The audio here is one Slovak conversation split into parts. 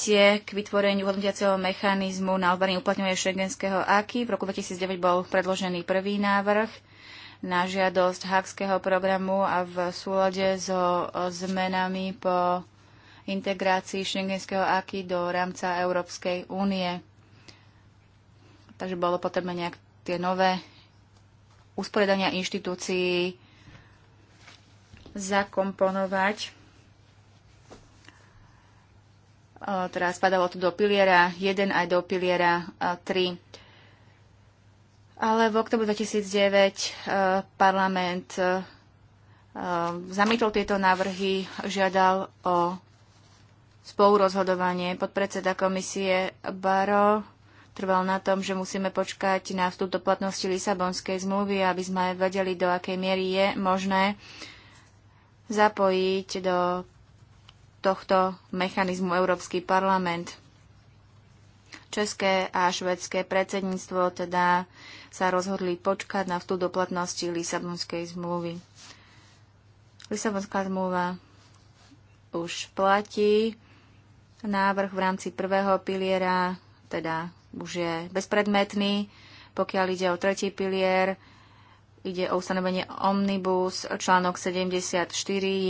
tie k vytvoreniu hodnotiaceho mechanizmu na odborné uplatňovanie šengenského AKI. V roku 2009 bol predložený prvý návrh na žiadosť Hakského programu a v súlade so e, zmenami po integrácii šengenského AKI do rámca Európskej únie. Takže bolo potrebné nejak tie nové usporiadania inštitúcií zakomponovať Eh, teda spadalo to do piliera 1 aj do piliera 3. Eh, Ale v oktobru 2009 eh, parlament zamietol tieto návrhy, žiadal o spolurozhodovanie. Podpredseda komisie Baro trval na tom, že musíme počkať na vstup do platnosti Lisabonskej zmluvy, aby sme vedeli, do akej miery je možné zapojiť do tohto mechanizmu Európsky parlament. České a švedské predsedníctvo teda sa rozhodli počkať na vstup do platnosti Lisabonskej zmluvy. Lisabonská zmluva už platí. Návrh v rámci prvého piliera teda už je bezpredmetný. Pokiaľ ide o tretí pilier, ide o ustanovenie Omnibus. Článok 74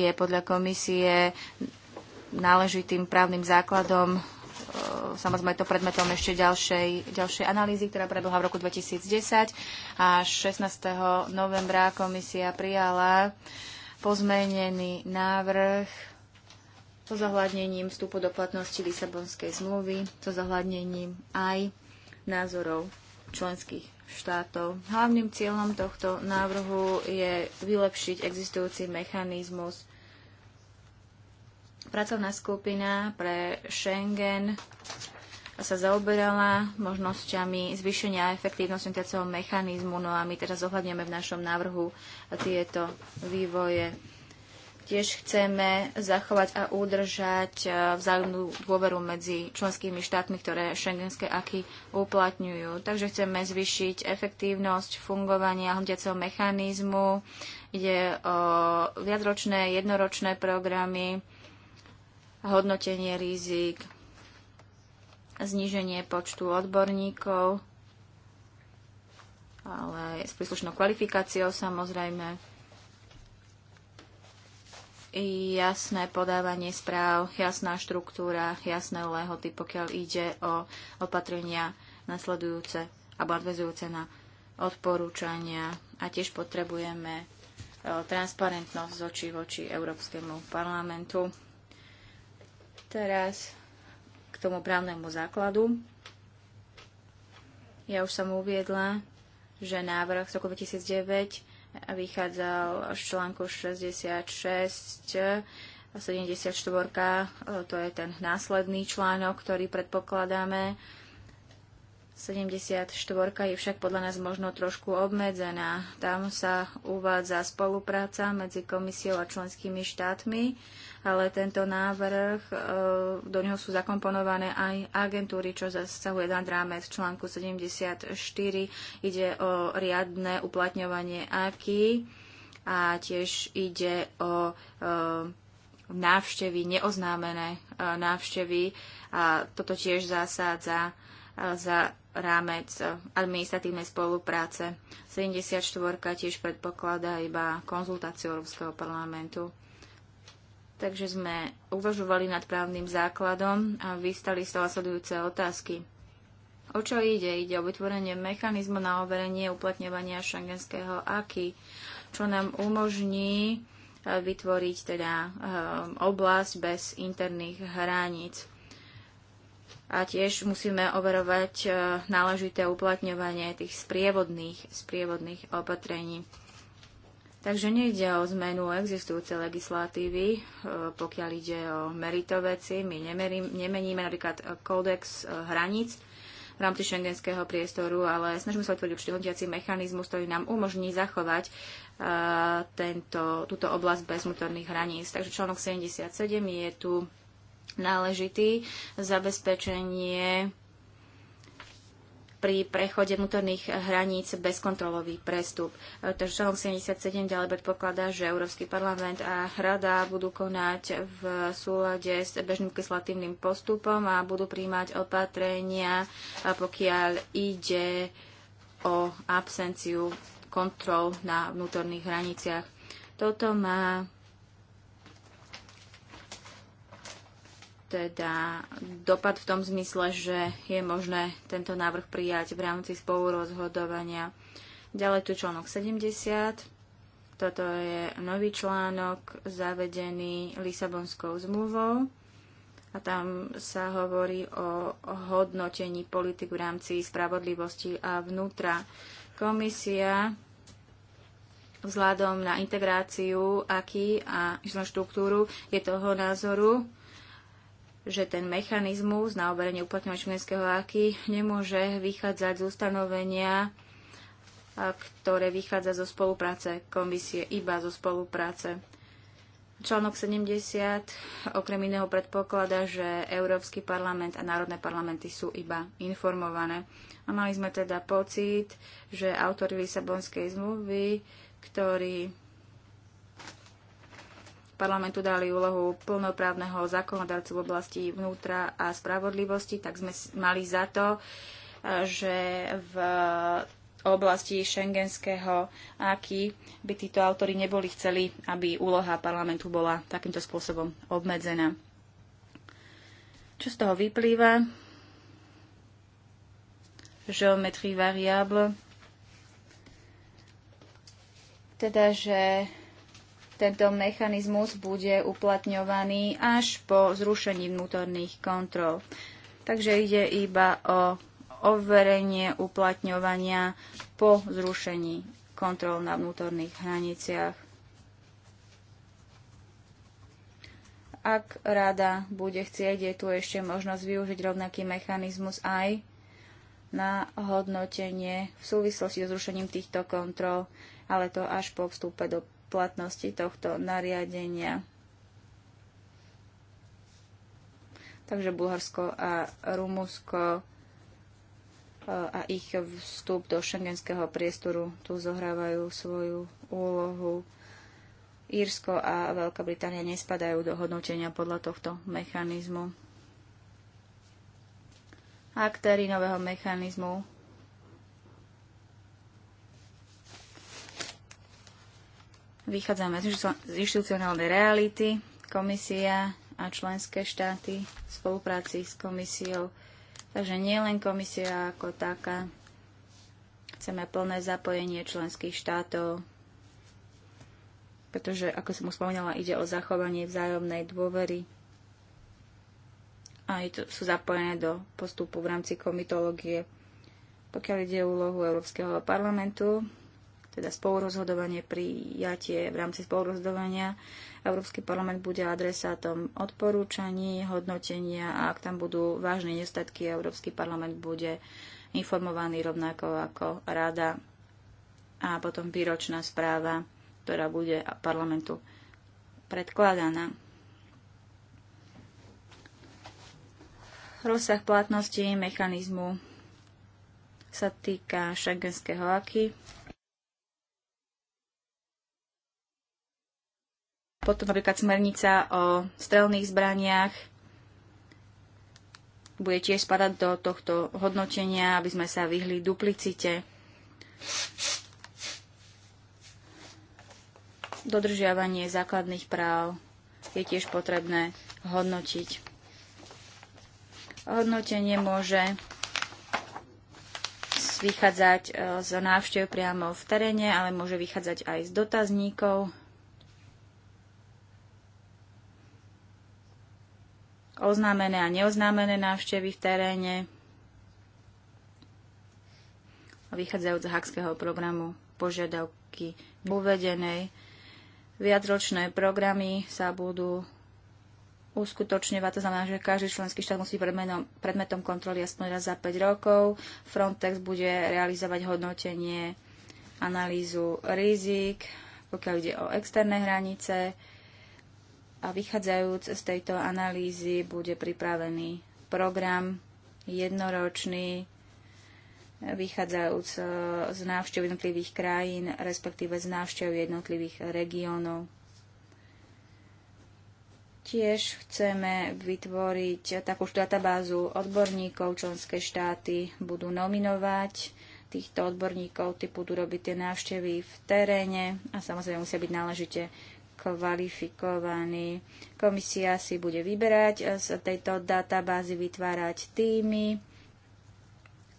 je podľa komisie náležitým právnym základom. E, samozrejme je to predmetom ešte ďalšej, ďalšej analýzy, ktorá prebehla v roku 2010 a 16. novembra komisia prijala pozmenený návrh so zohľadnením vstupu do platnosti Lisabonskej zmluvy, so zohľadnením aj názorov členských štátov. Hlavným cieľom tohto návrhu je vylepšiť existujúci mechanizmus Pracovná skupina pre Schengen sa zaoberala možnosťami zvýšenia efektívnosti tacieho mechanizmu, no a my teraz zohľadneme v našom návrhu tieto vývoje. Tiež chceme zachovať a udržať e, vzájomnú dôveru medzi členskými štátmi, ktoré šengenské aky uplatňujú. Takže chceme zvýšiť efektívnosť fungovania hľadiaceho mechanizmu. Ide o viacročné, jednoročné programy, hodnotenie rizik, zníženie počtu odborníkov, ale s príslušnou kvalifikáciou samozrejme, jasné podávanie správ, jasná štruktúra, jasné lehoty, pokiaľ ide o opatrenia nasledujúce alebo advezujúce na odporúčania a tiež potrebujeme e, transparentnosť z očí voči Európskemu parlamentu. Teraz k tomu právnemu základu. Ja už som uviedla, že návrh z roku 2009 vychádzal z článku 66 a 74, to je ten následný článok, ktorý predpokladáme. 74 je však podľa nás možno trošku obmedzená. Tam sa uvádza spolupráca medzi komisiou a členskými štátmi ale tento návrh, e, do neho sú zakomponované aj agentúry, čo zasahuje nad rámec článku 74. Ide o riadne uplatňovanie AKI a tiež ide o e, návštevy, neoznámené e, návštevy a toto tiež zásádza za rámec administratívnej spolupráce. 74. tiež predpokladá iba konzultáciu Európskeho parlamentu. Takže sme uvažovali nad právnym základom a vystali sa sledujúce otázky. O čo ide? Ide o vytvorenie mechanizmu na overenie uplatňovania šangenského aky, čo nám umožní eh, vytvoriť teda eh, oblasť bez interných hraníc. A tiež musíme overovať eh, náležité uplatňovanie tých sprievodných, sprievodných opatrení. Takže nejde o zmenu existujúcej legislatívy, e, pokiaľ ide o veci. My nemerím, nemeníme napríklad e, kódex e, hraníc v rámci šengenského priestoru, ale snažíme sa otvoriť určitý hodnotiaci mechanizmus, ktorý nám umožní zachovať uh, tento, túto oblasť bez vnútorných hraníc. Takže článok 77 je tu náležitý zabezpečenie pri prechode vnútorných hraníc bezkontrolový prestup. Takže článok 77 ďalej predpokladá, že Európsky parlament a Rada budú konať v súlade s bežným legislatívnym postupom a budú príjmať opatrenia, pokiaľ ide o absenciu kontrol na vnútorných hraniciach. Toto má teda dopad v tom zmysle, že je možné tento návrh prijať v rámci spolurozhodovania. Ďalej tu článok 70. Toto je nový článok zavedený Lisabonskou zmluvou a tam sa hovorí o hodnotení politik v rámci spravodlivosti a vnútra. Komisia vzhľadom na integráciu aký a štruktúru je toho názoru, že ten mechanizmus na overenie uplatňovania členského aky nemôže vychádzať z ustanovenia, ktoré vychádza zo spolupráce komisie, iba zo spolupráce. Článok 70 okrem iného predpokladá, že Európsky parlament a národné parlamenty sú iba informované. A mali sme teda pocit, že autori Lisabonskej zmluvy, ktorí parlamentu dali úlohu plnoprávneho zákonodarcu v oblasti vnútra a spravodlivosti, tak sme mali za to, e, že v oblasti šengenského aký by títo autory neboli chceli, aby úloha parlamentu bola takýmto spôsobom obmedzená. Čo z toho vyplýva? Geometrie variable. Teda, že tento mechanizmus bude uplatňovaný až po zrušení vnútorných kontrol. Takže ide iba o overenie uplatňovania po zrušení kontrol na vnútorných hraniciach. Ak rada bude chcieť, je tu ešte možnosť využiť rovnaký mechanizmus aj na hodnotenie v súvislosti so zrušením týchto kontrol, ale to až po vstupe do platnosti tohto nariadenia. Takže Bulharsko a Rumunsko e, a ich vstup do šengenského priestoru tu zohrávajú svoju úlohu. Írsko a Veľká Británia nespadajú do hodnotenia podľa tohto mechanizmu. Aktéry nového mechanizmu Vychádzame z inštitucionálnej reality. Komisia a členské štáty v spolupráci s komisiou. Takže nielen komisia ako taká. Chceme plné zapojenie členských štátov, pretože, ako som uspomínala, ide o zachovanie vzájomnej dôvery a sú zapojené do postupu v rámci komitológie. Pokiaľ ide o úlohu Európskeho parlamentu, teda spolurozhodovanie, prijatie v rámci spolurozhodovania. Európsky parlament bude adresátom odporúčaní, hodnotenia a ak tam budú vážne nedostatky, Európsky parlament bude informovaný rovnako ako rada a potom výročná správa, ktorá bude parlamentu predkladaná. Rozsah platnosti mechanizmu sa týka šengenského aky Potom napríklad smernica o strelných zbraniach bude tiež spadať do tohto hodnotenia, aby sme sa vyhli duplicite. Dodržiavanie základných práv je tiež potrebné hodnotiť. Hodnotenie môže vychádzať eh, z návštev priamo v teréne, ale môže vychádzať aj z dotazníkov oznámené a neoznámené návštevy v teréne, vychádzajúc z Hakského programu požiadavky uvedenej. Viacročné programy sa budú uskutočňovať. To znamená, že každý členský štát musí predmenom, predmetom kontroly aspoň raz za 5 rokov. Frontex bude realizovať hodnotenie, analýzu rizik, pokiaľ ide o externé hranice, a vychádzajúc z tejto analýzy bude pripravený program jednoročný, vychádzajúc e, z návštev jednotlivých krajín, respektíve z návštev jednotlivých regiónov. Tiež chceme vytvoriť takúž databázu odborníkov, členské štáty budú nominovať týchto odborníkov, ty budú robiť tie návštevy v teréne a samozrejme musia byť náležite kvalifikovaní. Komisia si bude vyberať e, z tejto databázy, vytvárať týmy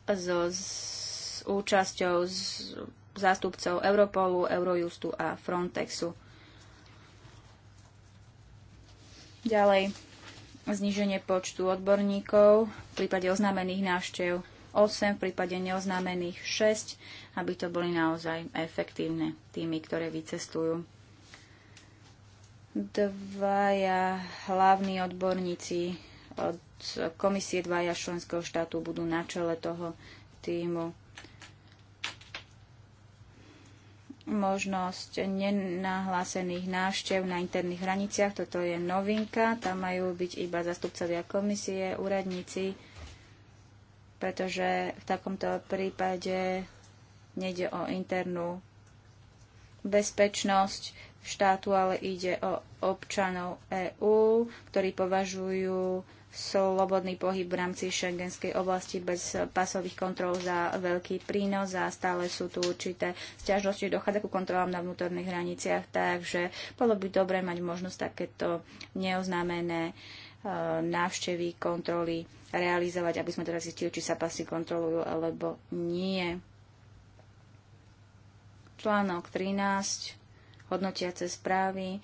so s účasťou z zástupcov Europolu, Eurojustu a Frontexu. Ďalej, zníženie počtu odborníkov v prípade oznámených návštev 8, v prípade neoznámených 6, aby to boli naozaj efektívne týmy, ktoré vycestujú. Dvaja hlavní odborníci od komisie dvaja členského štátu budú na čele toho týmu. možnosť nenahlásených návštev na interných hraniciach. Toto je novinka. Tam majú byť iba zastupcovia komisie, úradníci, pretože v takomto prípade nejde o internú bezpečnosť štátu, ale ide o občanov EÚ, ktorí považujú slobodný pohyb v rámci šengenskej oblasti bez pasových kontrol za veľký prínos a stále sú tu určité sťažnosti, dochádza ku kontrolám na vnútorných hraniciach, takže bolo by dobre mať možnosť takéto neoznámené e, návštevy, kontroly realizovať, aby sme teraz zistili, či sa pasy kontrolujú alebo nie. Článok 13 hodnotiace správy.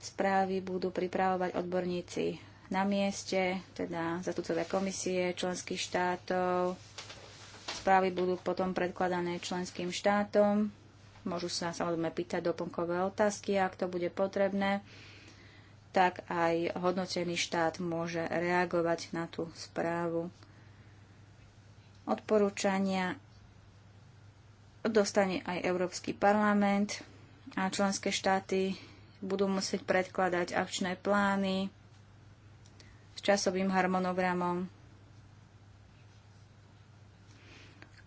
Správy budú pripravovať odborníci na mieste, teda zastupcovia komisie členských štátov. Správy budú potom predkladané členským štátom. Môžu sa samozrejme pýtať doplnkové otázky, ak to bude potrebné tak aj hodnotený štát môže reagovať na tú správu. Odporúčania dostane aj Európsky parlament a členské štáty budú musieť predkladať akčné plány s časovým harmonogramom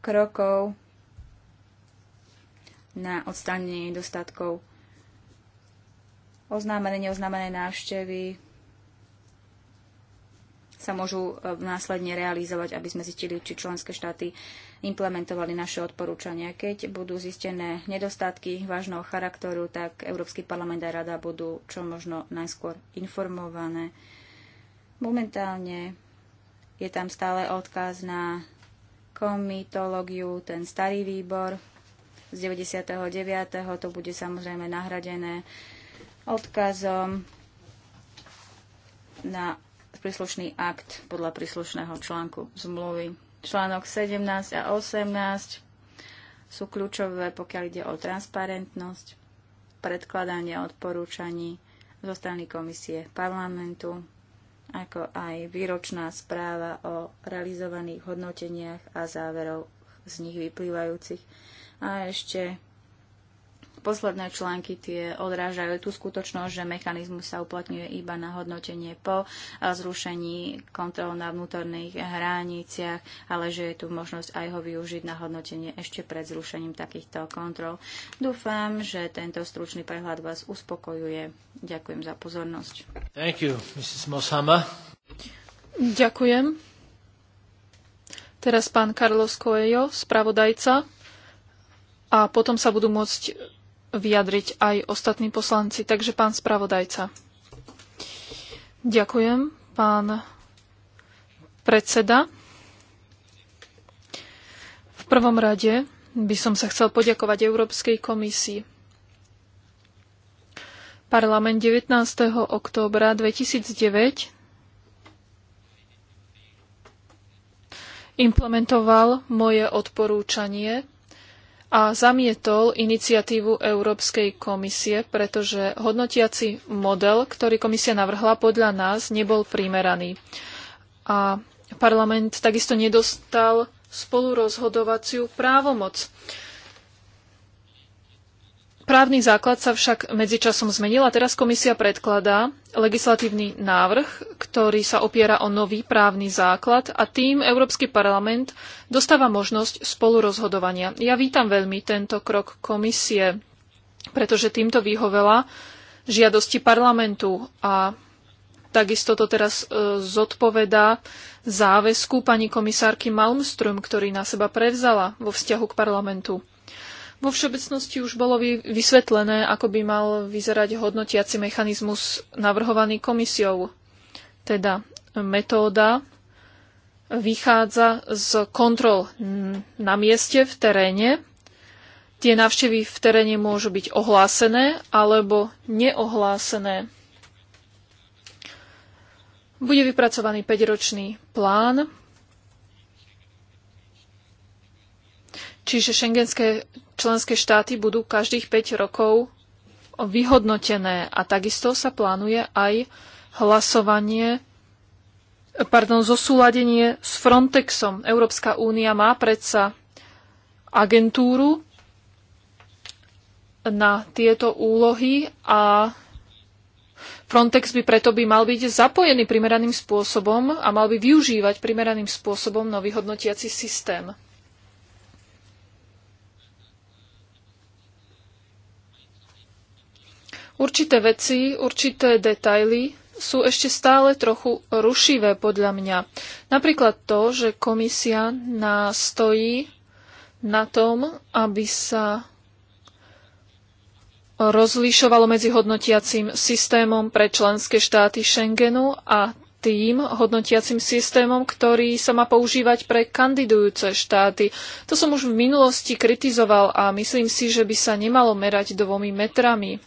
krokov na odstranenie nedostatkov oznámené, neoznámené návštevy, sa môžu e, následne realizovať, aby sme zistili, či členské štáty implementovali naše odporúčania. Keď budú zistené nedostatky vážneho charakteru, tak Európsky parlament a Rada budú čo možno najskôr informované. Momentálne je tam stále odkaz na komitológiu, ten starý výbor z 99. To bude samozrejme nahradené odkazom na príslušný akt podľa príslušného článku zmluvy. Článok 17 a 18 sú kľúčové, pokiaľ ide o transparentnosť, predkladanie odporúčaní zo strany komisie parlamentu, ako aj výročná správa o realizovaných hodnoteniach a záverov z nich vyplývajúcich. A ešte posledné články tie odrážajú tú skutočnosť, že mechanizmus sa uplatňuje iba na hodnotenie po zrušení kontrol na vnútorných hraniciach, ale že je tu možnosť aj ho využiť na hodnotenie ešte pred zrušením takýchto kontrol. Dúfam, že tento stručný prehľad vás uspokojuje. Ďakujem za pozornosť. Thank you, Mrs. Moshama. Ďakujem. Teraz pán Carlos Coelho, spravodajca a potom sa budú môcť vyjadriť aj ostatní poslanci. Takže pán spravodajca. Ďakujem, pán predseda. V prvom rade by som sa chcel poďakovať Európskej komisii. Parlament 19. októbra 2009 implementoval moje odporúčanie a zamietol iniciatívu Európskej komisie, pretože hodnotiaci model, ktorý komisia navrhla, podľa nás nebol primeraný. A parlament takisto nedostal spolurozhodovaciu právomoc. Právny základ sa však medzičasom zmenil a teraz komisia predkladá legislatívny návrh, ktorý sa opiera o nový právny základ a tým Európsky parlament dostáva možnosť spolurozhodovania. Ja vítam veľmi tento krok komisie, pretože týmto vyhovela žiadosti parlamentu a takisto to teraz e, zodpovedá záväzku pani komisárky Malmström, ktorý na seba prevzala vo vzťahu k parlamentu. Vo všeobecnosti už bolo vysvetlené, ako by mal vyzerať hodnotiaci mechanizmus navrhovaný komisiou. Teda metóda vychádza z kontrol na mieste v teréne. Tie návštevy v teréne môžu byť ohlásené alebo neohlásené. Bude vypracovaný 5-ročný plán, čiže šengenské členské štáty budú každých 5 rokov vyhodnotené a takisto sa plánuje aj hlasovanie, pardon, zosúladenie s Frontexom. Európska únia má predsa agentúru na tieto úlohy a Frontex by preto by mal byť zapojený primeraným spôsobom a mal by využívať primeraným spôsobom nový hodnotiaci systém. Určité veci, určité detaily sú ešte stále trochu rušivé podľa mňa. Napríklad to, že komisia stojí na tom, aby sa rozlišovalo medzi hodnotiacím systémom pre členské štáty Schengenu a tým hodnotiacím systémom, ktorý sa má používať pre kandidujúce štáty. To som už v minulosti kritizoval a myslím si, že by sa nemalo merať dvomi metrami.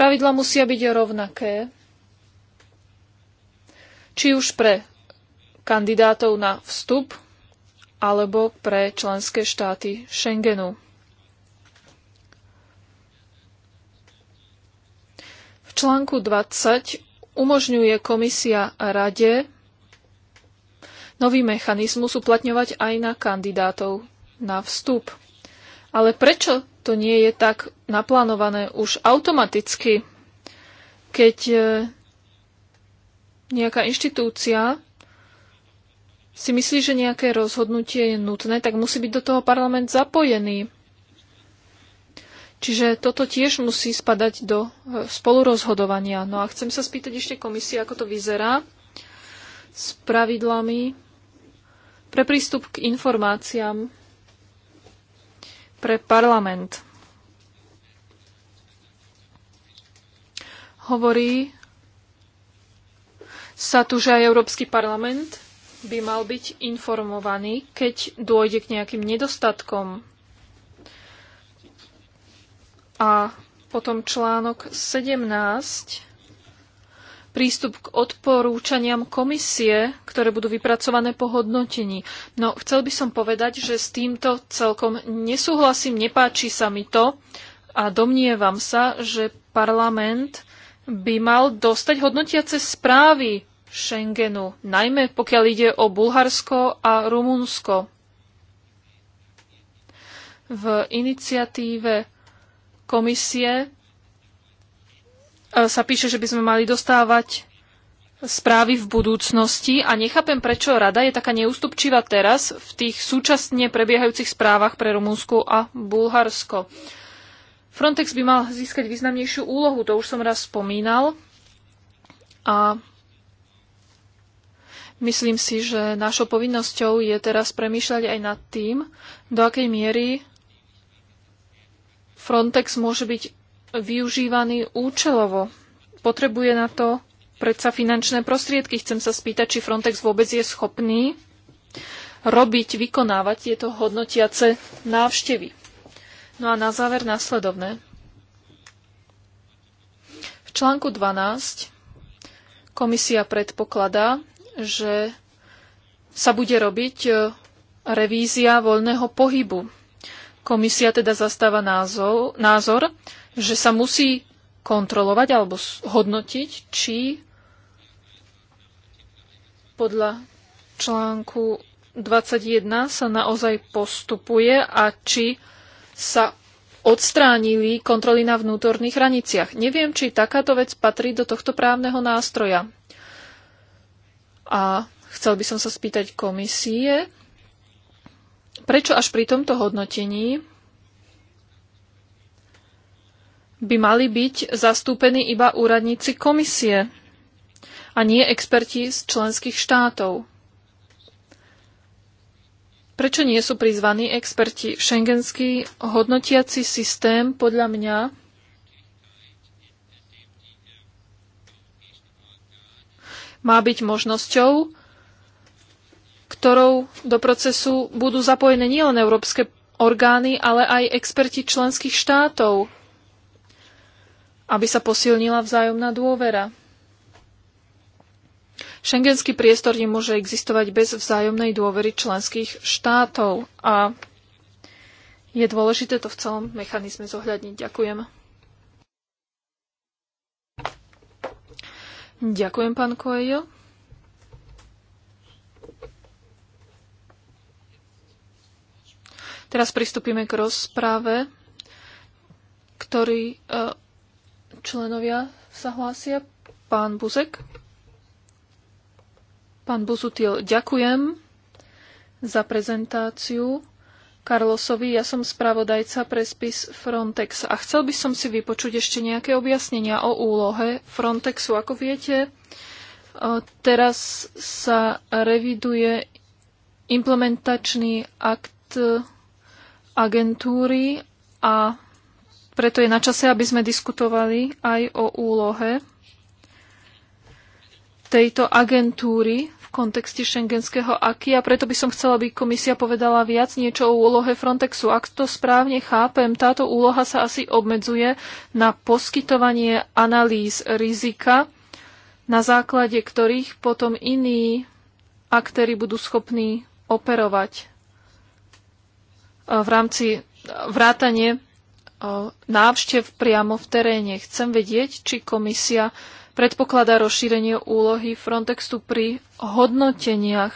Pravidla musia byť rovnaké, či už pre kandidátov na vstup alebo pre členské štáty Schengenu. V článku 20 umožňuje komisia a rade nový mechanizmus uplatňovať aj na kandidátov na vstup. Ale prečo to nie je tak naplánované už automaticky. Keď e, nejaká inštitúcia si myslí, že nejaké rozhodnutie je nutné, tak musí byť do toho parlament zapojený. Čiže toto tiež musí spadať do e, spolurozhodovania. No a chcem sa spýtať ešte komisie, ako to vyzerá s pravidlami pre prístup k informáciám pre parlament. Hovorí sa tu, že aj Európsky parlament by mal byť informovaný, keď dôjde k nejakým nedostatkom. A potom článok 17 prístup k odporúčaniam komisie, ktoré budú vypracované po hodnotení. No, chcel by som povedať, že s týmto celkom nesúhlasím, nepáči sa mi to a domnievam sa, že parlament by mal dostať hodnotiace správy Schengenu, najmä pokiaľ ide o Bulharsko a Rumunsko. V iniciatíve komisie E, sa píše, že by sme mali dostávať správy v budúcnosti a nechápem, prečo rada je taká neústupčivá teraz v tých súčasne prebiehajúcich správach pre Rumunsko a Bulharsko. Frontex by mal získať významnejšiu úlohu, to už som raz spomínal. A myslím si, že našou povinnosťou je teraz premýšľať aj nad tým, do akej miery Frontex môže byť využívaný účelovo. Potrebuje na to predsa finančné prostriedky. Chcem sa spýtať, či Frontex vôbec je schopný robiť, vykonávať tieto hodnotiace návštevy. No a na záver následovné. V článku 12 komisia predpokladá, že sa bude robiť eh, revízia voľného pohybu Komisia teda zastáva názor, názor že sa musí kontrolovať alebo hodnotiť, či podľa článku 21 sa naozaj postupuje a či sa odstránili kontroly na vnútorných hraniciach. Neviem, či takáto vec patrí do tohto právneho nástroja. A chcel by som sa spýtať komisie, Prečo až pri tomto hodnotení by mali byť zastúpení iba úradníci komisie a nie experti z členských štátov? Prečo nie sú prizvaní experti? Schengenský hodnotiaci systém podľa mňa má byť možnosťou ktorou do procesu budú zapojené nielen európske orgány, ale aj experti členských štátov, aby sa posilnila vzájomná dôvera. Schengenský priestor nemôže existovať bez vzájomnej dôvery členských štátov a je dôležité to v celom mechanizme zohľadniť. Ďakujem. Ďakujem, pán Koejo. Teraz pristúpime k rozprave, ktorý e, členovia sa hlásia. Pán Buzek. Pán Buzutil, ďakujem za prezentáciu. Karlosovi, ja som spravodajca pre spis Frontex a chcel by som si vypočuť ešte nejaké objasnenia o úlohe Frontexu. Ako viete, e, teraz sa reviduje implementačný akt agentúry a preto je na čase, aby sme diskutovali aj o úlohe tejto agentúry v kontexte šengenského aky a preto by som chcela, aby komisia povedala viac niečo o úlohe Frontexu. Ak to správne chápem, táto úloha sa asi obmedzuje na poskytovanie analýz rizika, na základe ktorých potom iní aktéry budú schopní operovať v rámci vrátane e, návštev priamo v teréne. Chcem vedieť, či komisia predpokladá rozšírenie úlohy Frontexu pri hodnoteniach,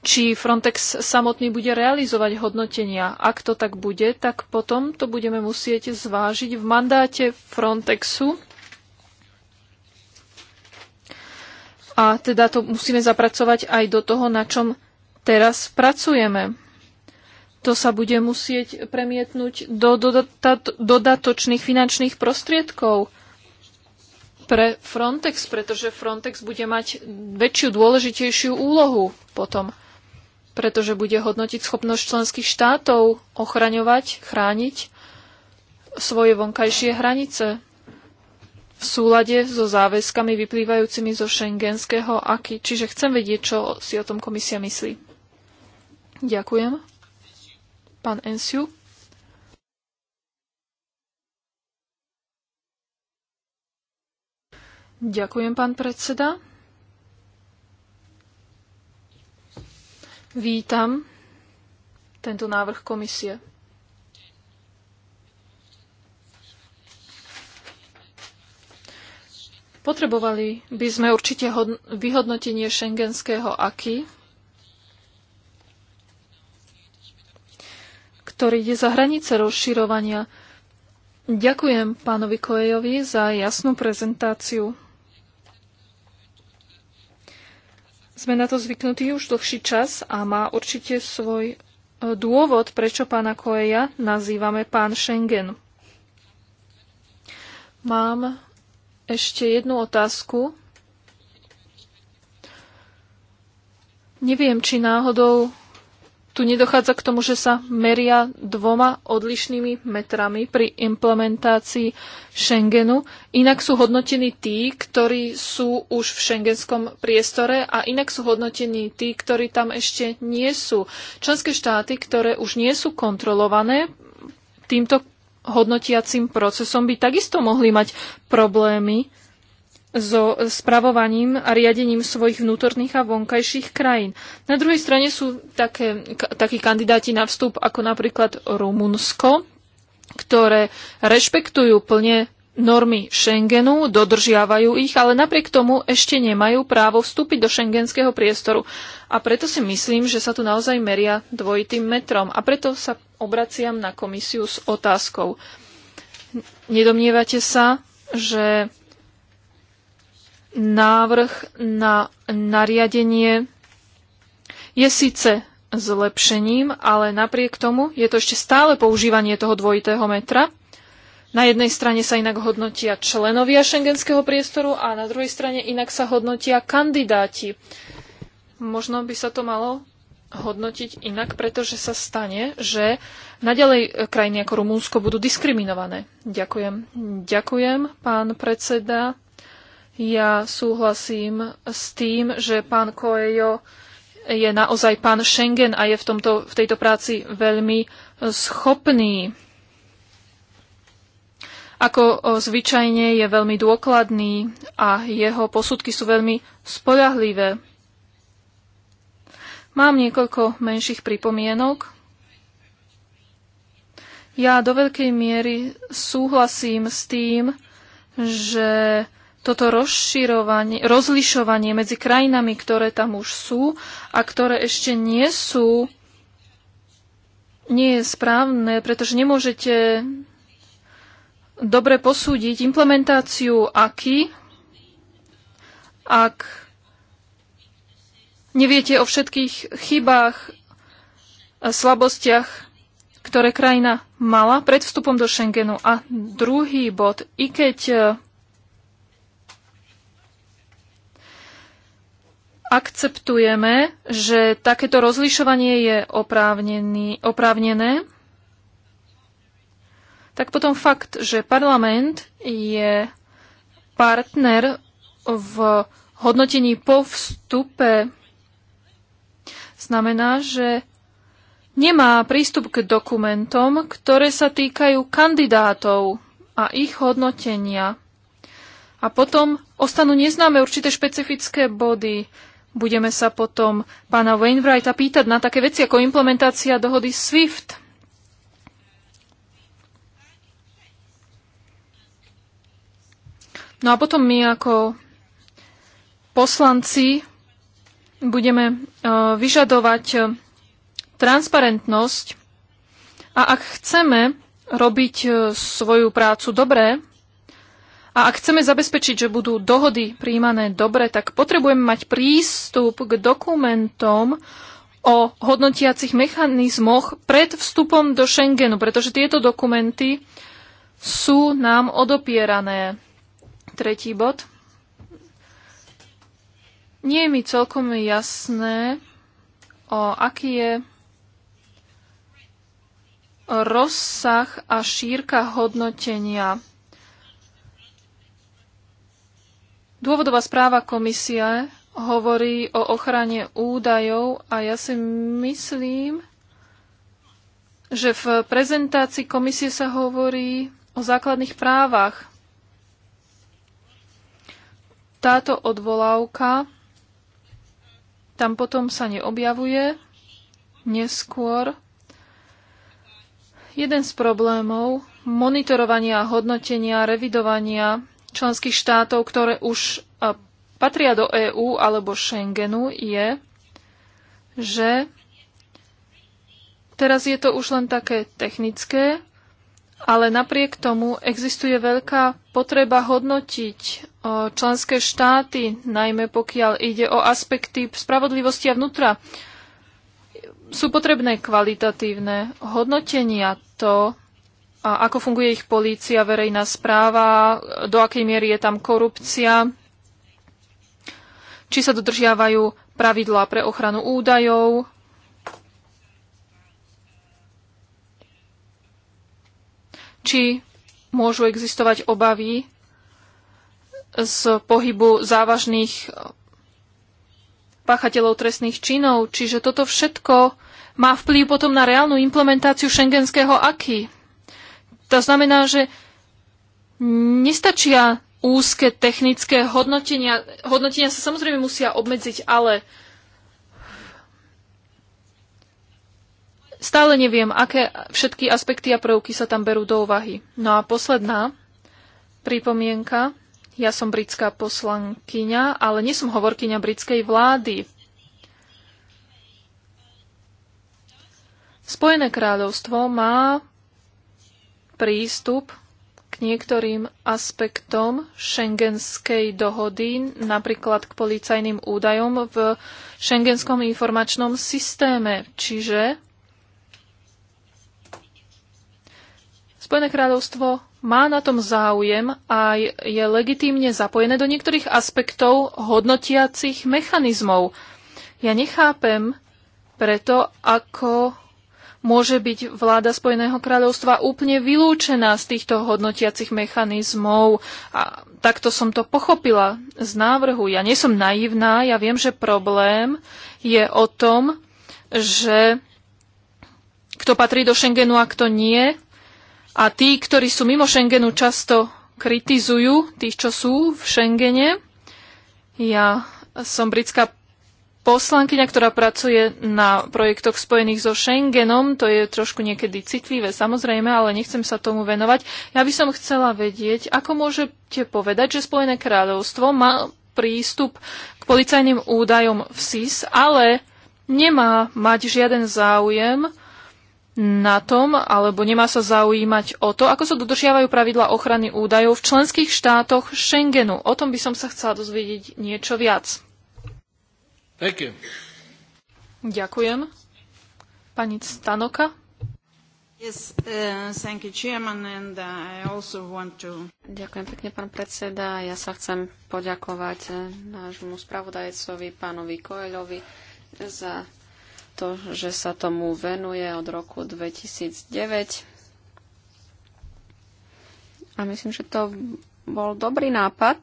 či Frontex samotný bude realizovať hodnotenia. Ak to tak bude, tak potom to budeme musieť zvážiť v mandáte Frontexu. A teda to musíme zapracovať aj do toho, na čom teraz pracujeme to sa bude musieť premietnúť do dodatočných finančných prostriedkov pre Frontex, pretože Frontex bude mať väčšiu, dôležitejšiu úlohu potom, pretože bude hodnotiť schopnosť členských štátov ochraňovať, chrániť svoje vonkajšie hranice v súlade so záväzkami vyplývajúcimi zo šengenského aky. Čiže chcem vedieť, čo si o tom komisia myslí. Ďakujem. Pán Ensiu. Ďakujem, pán predseda. Vítam tento návrh komisie. Potrebovali by sme určite vyhodnotenie šengenského aky ktorý ide za hranice rozširovania. Ďakujem pánovi Kojejovi za jasnú prezentáciu. Sme na to zvyknutí už dlhší čas a má určite svoj e, dôvod, prečo pána Koeja nazývame pán Schengen. Mám ešte jednu otázku. Neviem, či náhodou tu nedochádza k tomu, že sa meria dvoma odlišnými metrami pri implementácii Schengenu. Inak sú hodnotení tí, ktorí sú už v šengenskom priestore a inak sú hodnotení tí, ktorí tam ešte nie sú. Členské štáty, ktoré už nie sú kontrolované týmto hodnotiacím procesom, by takisto mohli mať problémy so spravovaním a riadením svojich vnútorných a vonkajších krajín. Na druhej strane sú také, takí kandidáti na vstup ako napríklad Rumunsko, ktoré rešpektujú plne normy Schengenu, dodržiavajú ich, ale napriek tomu ešte nemajú právo vstúpiť do šengenského priestoru. A preto si myslím, že sa tu naozaj meria dvojitým metrom. A preto sa obraciam na komisiu s otázkou. Nedomnievate sa, že návrh na nariadenie je síce zlepšením, ale napriek tomu je to ešte stále používanie toho dvojitého metra. Na jednej strane sa inak hodnotia členovia šengenského priestoru a na druhej strane inak sa hodnotia kandidáti. Možno by sa to malo hodnotiť inak, pretože sa stane, že naďalej krajiny ako Rumúnsko budú diskriminované. Ďakujem. Ďakujem, pán predseda. Ja súhlasím s tým, že pán Koejo je naozaj pán Schengen a je v, tomto, v tejto práci veľmi schopný. Ako zvyčajne je veľmi dôkladný a jeho posudky sú veľmi spoľahlivé. Mám niekoľko menších pripomienok. Ja do veľkej miery súhlasím s tým, že toto rozširovanie, rozlišovanie medzi krajinami, ktoré tam už sú a ktoré ešte nie sú, nie je správne, pretože nemôžete dobre posúdiť implementáciu aký, ak neviete o všetkých chybách a slabostiach ktoré krajina mala pred vstupom do Schengenu. A druhý bod, i keď akceptujeme, že takéto rozlišovanie je oprávnené, tak potom fakt, že parlament je partner v hodnotení po vstupe, znamená, že nemá prístup k dokumentom, ktoré sa týkajú kandidátov a ich hodnotenia. A potom ostanú neznáme určité špecifické body. Budeme sa potom pána Wainwrighta pýtať na také veci ako implementácia dohody SWIFT. No a potom my ako poslanci budeme e, vyžadovať e, transparentnosť a ak chceme robiť e, svoju prácu dobre, a ak chceme zabezpečiť, že budú dohody príjmané dobre, tak potrebujeme mať prístup k dokumentom o hodnotiacich mechanizmoch pred vstupom do Schengenu, pretože tieto dokumenty sú nám odopierané. Tretí bod. Nie je mi celkom jasné, o aký je rozsah a šírka hodnotenia Dôvodová správa komisie hovorí o ochrane údajov a ja si myslím, že v prezentácii komisie sa hovorí o základných právach. Táto odvolávka tam potom sa neobjavuje neskôr. Jeden z problémov monitorovania, hodnotenia, revidovania členských štátov, ktoré už e, patria do EÚ alebo Schengenu, je, že teraz je to už len také technické, ale napriek tomu existuje veľká potreba hodnotiť e, členské štáty, najmä pokiaľ ide o aspekty spravodlivosti a vnútra. Sú potrebné kvalitatívne hodnotenia to, a ako funguje ich polícia, verejná správa, do akej miery je tam korupcia, či sa dodržiavajú pravidlá pre ochranu údajov. Či môžu existovať obavy z pohybu závažných páchateľov trestných činov. Čiže toto všetko má vplyv potom na reálnu implementáciu šengenského aky. To znamená, že nestačia úzke technické hodnotenia. Hodnotenia sa samozrejme musia obmedziť, ale stále neviem, aké všetky aspekty a prvky sa tam berú do úvahy. No a posledná pripomienka. Ja som britská poslankyňa, ale nie som hovorkyňa britskej vlády. Spojené kráľovstvo má prístup k niektorým aspektom šengenskej dohody, napríklad k policajným údajom v šengenskom informačnom systéme. Čiže Spojené kráľovstvo má na tom záujem a je legitímne zapojené do niektorých aspektov hodnotiacich mechanizmov. Ja nechápem preto, ako môže byť vláda Spojeného kráľovstva úplne vylúčená z týchto hodnotiacich mechanizmov. A takto som to pochopila z návrhu. Ja nie som naivná, ja viem, že problém je o tom, že kto patrí do Schengenu a kto nie. A tí, ktorí sú mimo Schengenu, často kritizujú tých, čo sú v Schengene. Ja som britská poslankyňa, ktorá pracuje na projektoch spojených so Schengenom. To je trošku niekedy citlivé, samozrejme, ale nechcem sa tomu venovať. Ja by som chcela vedieť, ako môžete povedať, že Spojené kráľovstvo má prístup k policajným údajom v SIS, ale nemá mať žiaden záujem na tom, alebo nemá sa zaujímať o to, ako sa dodržiavajú pravidla ochrany údajov v členských štátoch Schengenu. O tom by som sa chcela dozvedieť niečo viac. Thank you. Ďakujem. Pani Stanoka. Yes, uh, you, chairman, and, uh, to... Ďakujem pekne, pán predseda. Ja sa chcem poďakovať uh, nášmu spravodajcovi, pánovi Koeľovi, za to, že sa tomu venuje od roku 2009. A myslím, že to bol dobrý nápad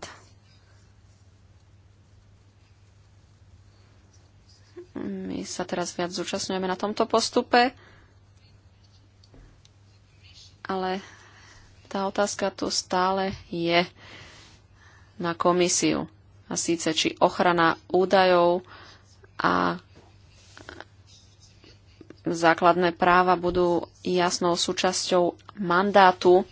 My sa teraz viac zúčastňujeme na tomto postupe, ale tá otázka tu stále je na komisiu. A síce, či ochrana údajov a základné práva budú jasnou súčasťou mandátu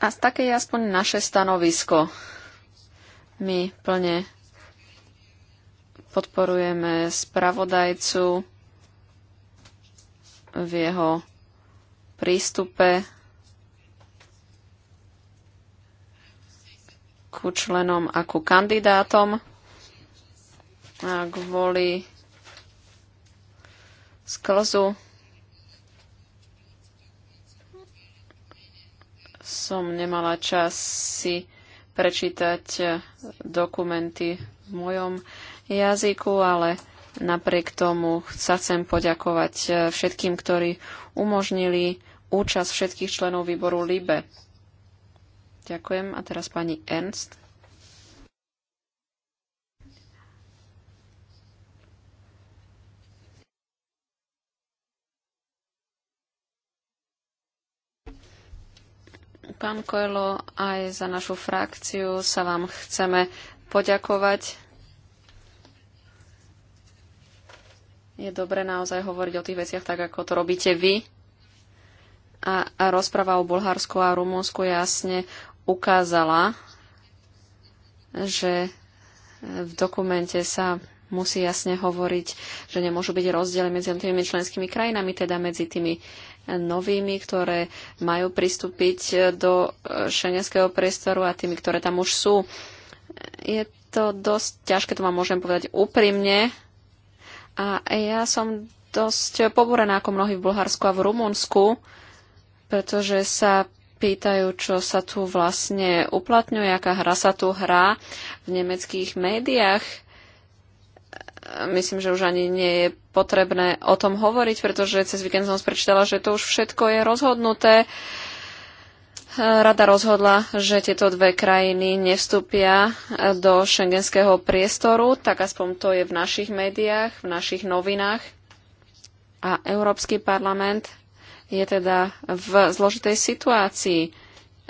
A také je aspoň naše stanovisko. My plne podporujeme spravodajcu v jeho prístupe ku členom a ku kandidátom a kvôli sklzu som nemala čas si prečítať dokumenty v mojom jazyku, ale napriek tomu sa chcem poďakovať všetkým, ktorí umožnili účasť všetkých členov výboru LIBE. Ďakujem. A teraz pani Ernst. Pán Koelo, aj za našu frakciu sa vám chceme poďakovať. Je dobre naozaj hovoriť o tých veciach tak, ako to robíte vy. A, a rozpráva o Bulharsku a Rumunsku jasne ukázala, že v dokumente sa musí jasne hovoriť, že nemôžu byť rozdiely medzi tými členskými krajinami, teda medzi tými novými, ktoré majú pristúpiť do eh, šengenského priestoru a tými, ktoré tam už sú. Je to dosť ťažké, to vám môžem povedať úprimne. A ja som dosť pobúrená ako mnohí v Bulharsku a v Rumunsku, pretože sa pýtajú, čo sa tu vlastne uplatňuje, aká hra sa tu hrá v nemeckých médiách myslím, že už ani nie je potrebné o tom hovoriť, pretože cez víkend som prečítala, že to už všetko je rozhodnuté. Rada rozhodla, že tieto dve krajiny nevstúpia do šengenského priestoru, tak aspoň to je v našich médiách, v našich novinách. A Európsky parlament je teda v zložitej situácii.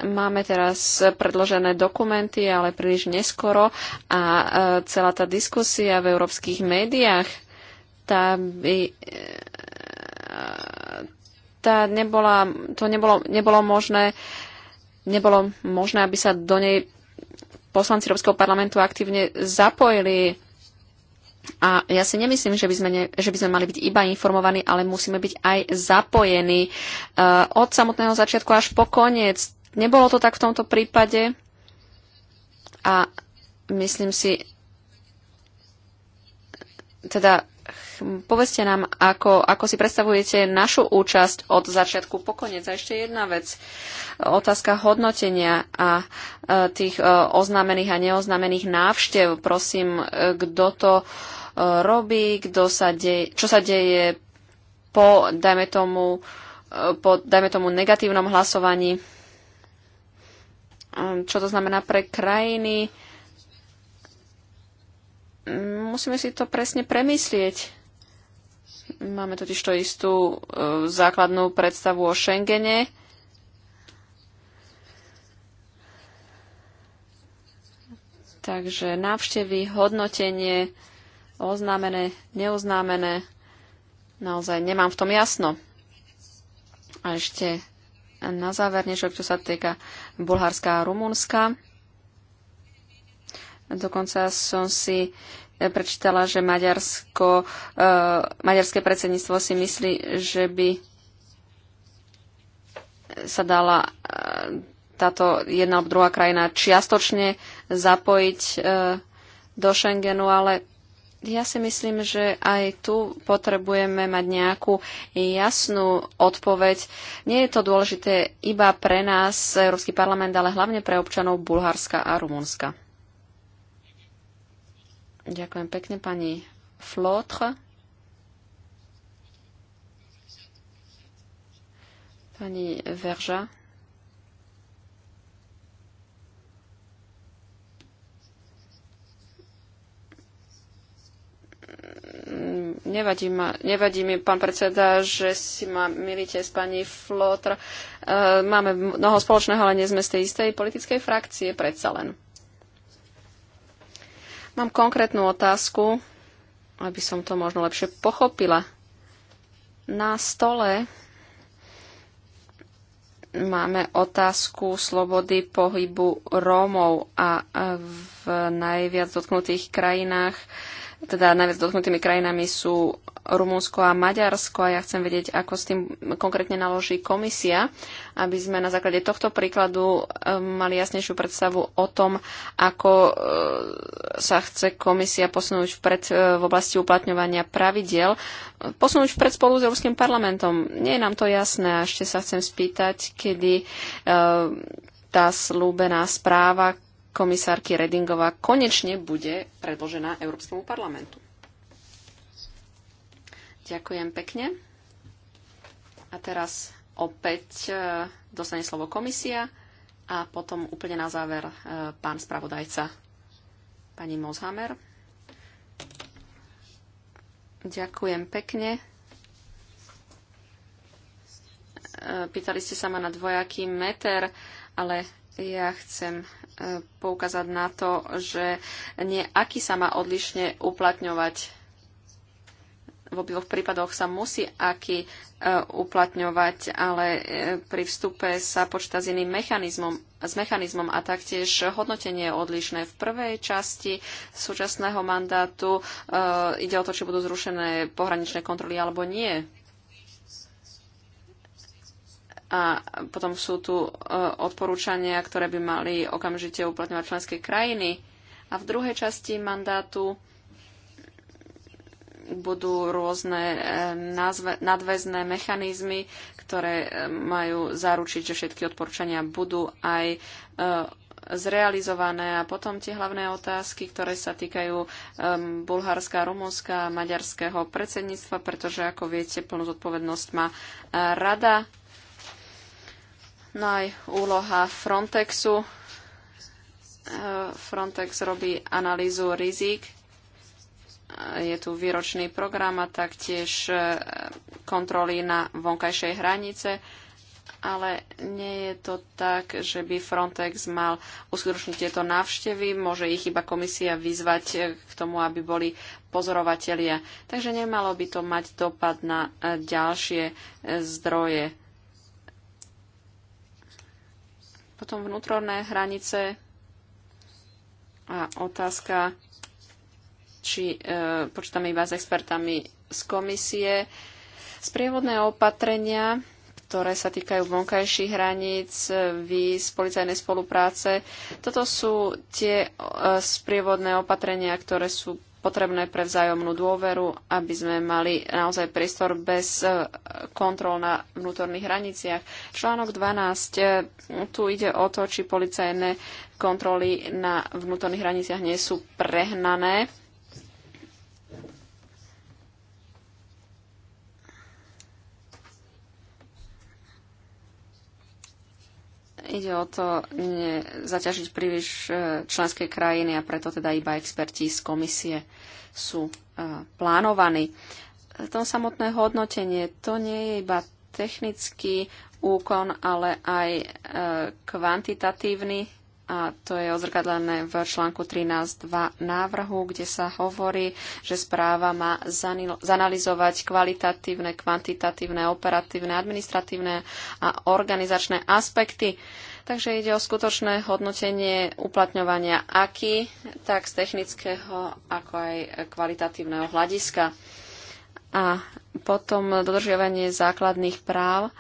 Máme teraz predložené dokumenty, ale príliš neskoro a e, celá tá diskusia v európskych médiách, tá by e, tá nebola, to nebolo, nebolo možné nebolo možné, aby sa do nej poslanci Európskeho parlamentu aktívne zapojili. A ja si nemyslím, že by sme, ne, že by sme mali byť iba informovaní, ale musíme byť aj zapojení uh, od samotného začiatku až po koniec Nebolo to tak v tomto prípade a myslím si, teda povedzte nám, ako, ako si predstavujete našu účasť od začiatku po konec. A ešte jedna vec, otázka hodnotenia a e, tých e, oznámených a neoznámených návštev. Prosím, e, kto to robí, kto sa deje, čo sa deje po, dajme tomu, po, dajme tomu negatívnom hlasovaní Eh, čo to znamená pre krajiny. Musíme si to presne premyslieť. Máme totiž to istú eh, základnú predstavu o Schengene. Takže návštevy, hodnotenie, oznámené, neoznámené, naozaj nemám v tom jasno. A ešte na záver niečo, čo sa týka Bulharska a Rumunska. Dokonca som si eh, prečítala, že Maďarsko, e, maďarské predsedníctvo si myslí, že by sa dala e, táto jedna alebo druhá krajina čiastočne zapojiť e, do Schengenu, ale ja si myslím, že aj tu potrebujeme mať nejakú jasnú odpoveď. Nie je to dôležité iba pre nás, Európsky parlament, ale hlavne pre občanov Bulharska a Rumunska. Ďakujem pekne pani Flotre. Pani Verža. Mm, nevadí, ma, nevadí mi, pán predseda, že si ma milíte s pani Flotr. E, máme mnoho spoločného, ale nie sme z tej istej politickej frakcie, predsa len. Mám konkrétnu otázku, aby som to možno lepšie pochopila. Na stole máme otázku slobody pohybu Rómov a v najviac dotknutých krajinách teda najviac dotknutými krajinami sú Rumunsko a Maďarsko a ja chcem vedieť, ako s tým konkrétne naloží komisia, aby sme na základe tohto príkladu eh, mali jasnejšiu predstavu o tom, ako eh, sa chce komisia posunúť vpred eh, v oblasti uplatňovania pravidiel, posunúť vpred spolu s Európskym parlamentom. Nie je nám to jasné a ešte sa chcem spýtať, kedy tá slúbená správa, komisárky Redingová konečne bude predložená Európskemu parlamentu. Ďakujem pekne. A teraz opäť e, dostane slovo komisia a potom úplne na záver e, pán spravodajca, pani Mozhammer. Ďakujem pekne. E, pýtali ste sa ma na dvojaký meter, ale ja chcem poukázať na to, že nie aký sa má odlišne uplatňovať. V obidvoch prípadoch sa musí aký e, uplatňovať, ale e, pri vstupe sa počíta s iným mechanizmom, s mechanizmom a taktiež hodnotenie je odlišné. V prvej časti súčasného mandátu e, ide o to, či budú zrušené pohraničné kontroly alebo nie a potom sú tu e, odporúčania, ktoré by mali okamžite uplatňovať členské krajiny. A v druhej časti mandátu budú rôzne e, nadväzné mechanizmy, ktoré e, majú zaručiť, že všetky odporúčania budú aj zrealizované. A potom tie hlavné otázky, ktoré sa týkajú Bulharska, Rumunska, Maďarského predsedníctva, pretože, ako viete, plnú zodpovednosť má Rada No aj úloha Frontexu. E, Frontex robí analýzu rizik. E, je tu výročný program a taktiež e, kontroly na vonkajšej hranice, ale nie je to tak, že by Frontex mal uskutočniť tieto návštevy. Môže ich iba komisia vyzvať k tomu, aby boli pozorovatelia. Takže nemalo by to mať dopad na ďalšie zdroje Potom vnútorné hranice a otázka, či e, počítame iba s expertami z komisie. Sprievodné opatrenia, ktoré sa týkajú vonkajších hraníc, víz, policajnej spolupráce. Toto sú tie e, sprievodné opatrenia, ktoré sú potrebné pre vzájomnú dôveru, aby sme mali naozaj priestor bez e, kontrol na vnútorných hraniciach. Článok 12. E, tu ide o to, či policajné kontroly na vnútorných hraniciach nie sú prehnané Ide o to zaťažiť príliš e, členské krajiny a preto teda iba experti z komisie sú e, plánovaní. E, to samotné hodnotenie, to nie je iba technický úkon, ale aj kvantitatívny a to je odzrkadlené v článku 13.2 návrhu, kde sa hovorí, že správa má zanalizovať kvalitatívne, kvantitatívne, operatívne, administratívne a organizačné aspekty. Takže ide o skutočné hodnotenie uplatňovania aký, tak z technického, ako aj kvalitatívneho hľadiska. A potom dodržiavanie základných práv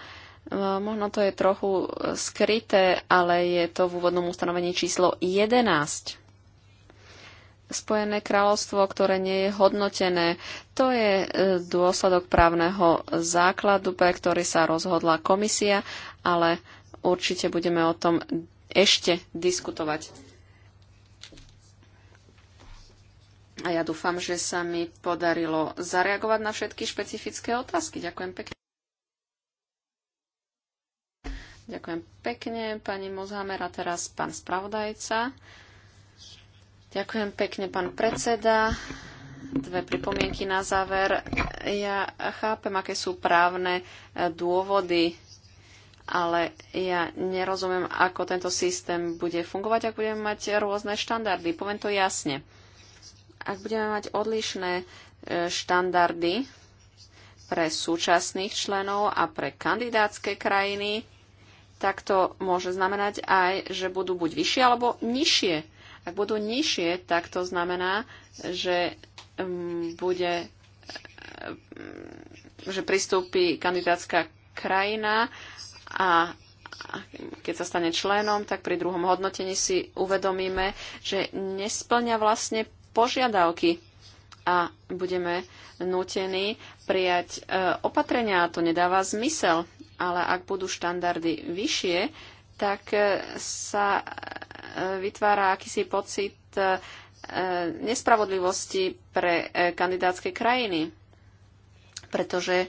Ehm, možno to je trochu e, skryté, ale je to v úvodnom ustanovení číslo 11. Spojené kráľovstvo, ktoré nie je hodnotené, to je e, dôsledok právneho základu, pre ktorý sa rozhodla komisia, ale určite budeme o tom ešte diskutovať. A ja dúfam, že sa mi podarilo zareagovať na všetky špecifické otázky. Ďakujem pekne. Ďakujem pekne, pani Mozhamer, a teraz pán spravodajca. Ďakujem pekne, pán predseda. Dve pripomienky na záver. Ja chápem, aké sú právne e, dôvody, ale ja nerozumiem, ako tento systém bude fungovať, ak budeme mať rôzne štandardy. Poviem to jasne. Ak budeme mať odlišné e, štandardy pre súčasných členov a pre kandidátske krajiny, tak to môže znamenať aj, že budú buď vyššie alebo nižšie. Ak budú nižšie, tak to znamená, že mm, bude mm, že pristúpi kandidátska krajina a keď sa stane členom, tak pri druhom hodnotení si uvedomíme, že nesplňa vlastne požiadavky a budeme nútení prijať e, opatrenia a to nedáva zmysel ale ak budú štandardy vyššie, tak e, sa e, vytvára akýsi pocit e, nespravodlivosti pre kandidátske krajiny, pretože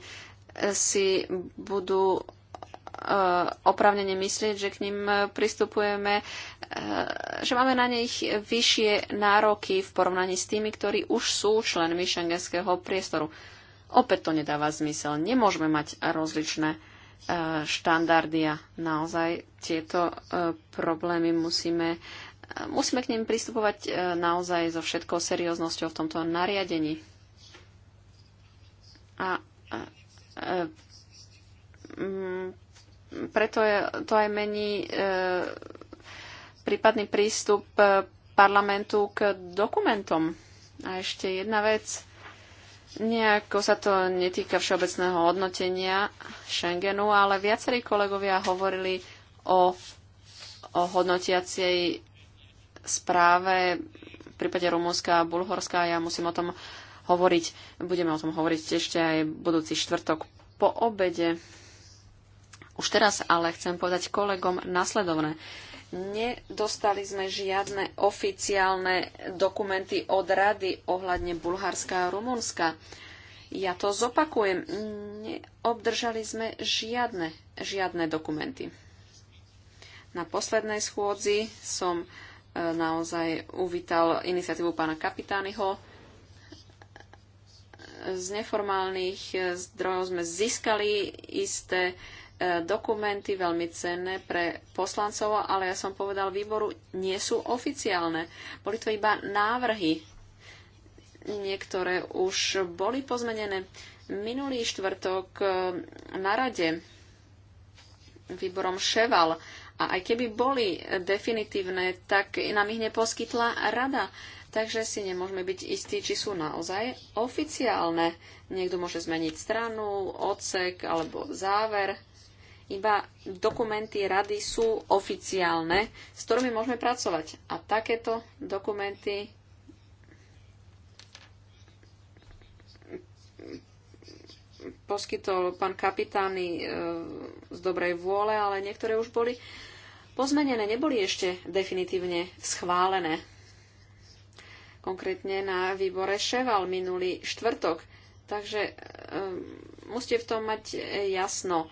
si budú opravnene myslieť, že k ním pristupujeme, že máme na nich vyššie nároky v porovnaní s tými, ktorí už sú členmi šengenského priestoru. Opäť to nedáva zmysel. Nemôžeme mať rozličné E, štandardy a naozaj tieto e, problémy musíme, e, musíme k nim pristupovať naozaj so všetkou serióznosťou v tomto nariadení. A mm, preto je, to aj mení prípadný prístup parlamentu k dokumentom. A ešte jedna vec Nejako sa to netýka všeobecného hodnotenia Schengenu, ale viacerí kolegovia hovorili o, o hodnotiacej správe v prípade Rumúnska a Bulhorska. Ja musím o tom hovoriť, budeme o tom hovoriť ešte aj budúci štvrtok po obede. Už teraz ale chcem povedať kolegom nasledovné. Nedostali sme žiadne oficiálne dokumenty od rady ohľadne Bulharska a Rumunska. Ja to zopakujem. Neobdržali sme žiadne, žiadne dokumenty. Na poslednej schôdzi som e, naozaj uvítal iniciatívu pána kapitányho. Z neformálnych e, zdrojov sme získali isté E, dokumenty, veľmi cenné pre poslancov, ale ja som povedal výboru, nie sú oficiálne. Boli to iba návrhy. Niektoré už boli pozmenené. Minulý štvrtok e, na rade výborom Ševal a aj keby boli definitívne, tak nám ich neposkytla rada takže si nemôžeme byť istí, či sú naozaj oficiálne. Niekto môže zmeniť stranu, odsek alebo záver iba dokumenty rady sú oficiálne, s ktorými môžeme pracovať. A takéto dokumenty poskytol pán kapitány e, z dobrej vôle, ale niektoré už boli pozmenené, neboli ešte definitívne schválené. Konkrétne na výbore Ševal minulý štvrtok. Takže e, musíte v tom mať e, jasno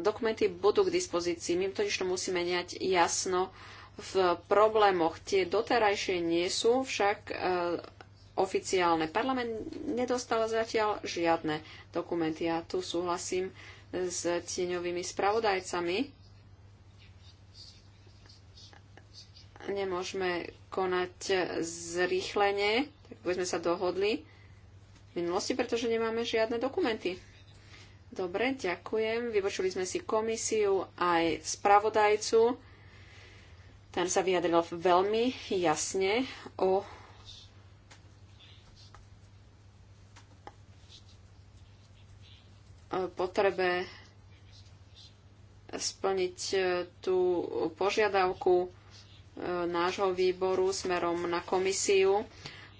dokumenty budú k dispozícii. My totiž to musíme nejať jasno v problémoch. Tie doterajšie nie sú však e, oficiálne. Parlament nedostal zatiaľ žiadne dokumenty. Ja tu súhlasím s tieňovými spravodajcami. Nemôžeme konať zrýchlenie, tak by sme sa dohodli v minulosti, pretože nemáme žiadne dokumenty. Dobre, ďakujem. Vypočuli sme si komisiu aj spravodajcu. Tam sa vyjadril veľmi jasne o potrebe splniť e, tú požiadavku e, nášho výboru smerom na komisiu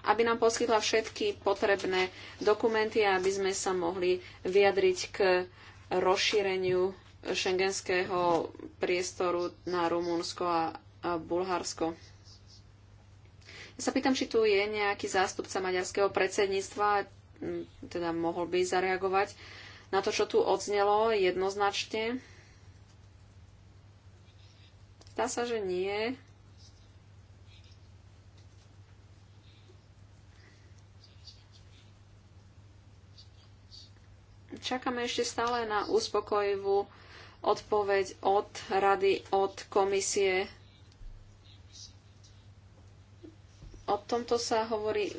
aby nám poskytla všetky potrebné dokumenty a aby sme sa mohli vyjadriť k rozšíreniu šengenského priestoru na Rumunsko a, a Bulharsko. Ja sa pýtam, či tu je nejaký zástupca maďarského predsedníctva, teda mohol by zareagovať na to, čo tu odznelo jednoznačne. Zdá sa, že nie. Čakáme ešte stále na uspokojivú odpoveď od rady, od komisie. O tomto sa hovorí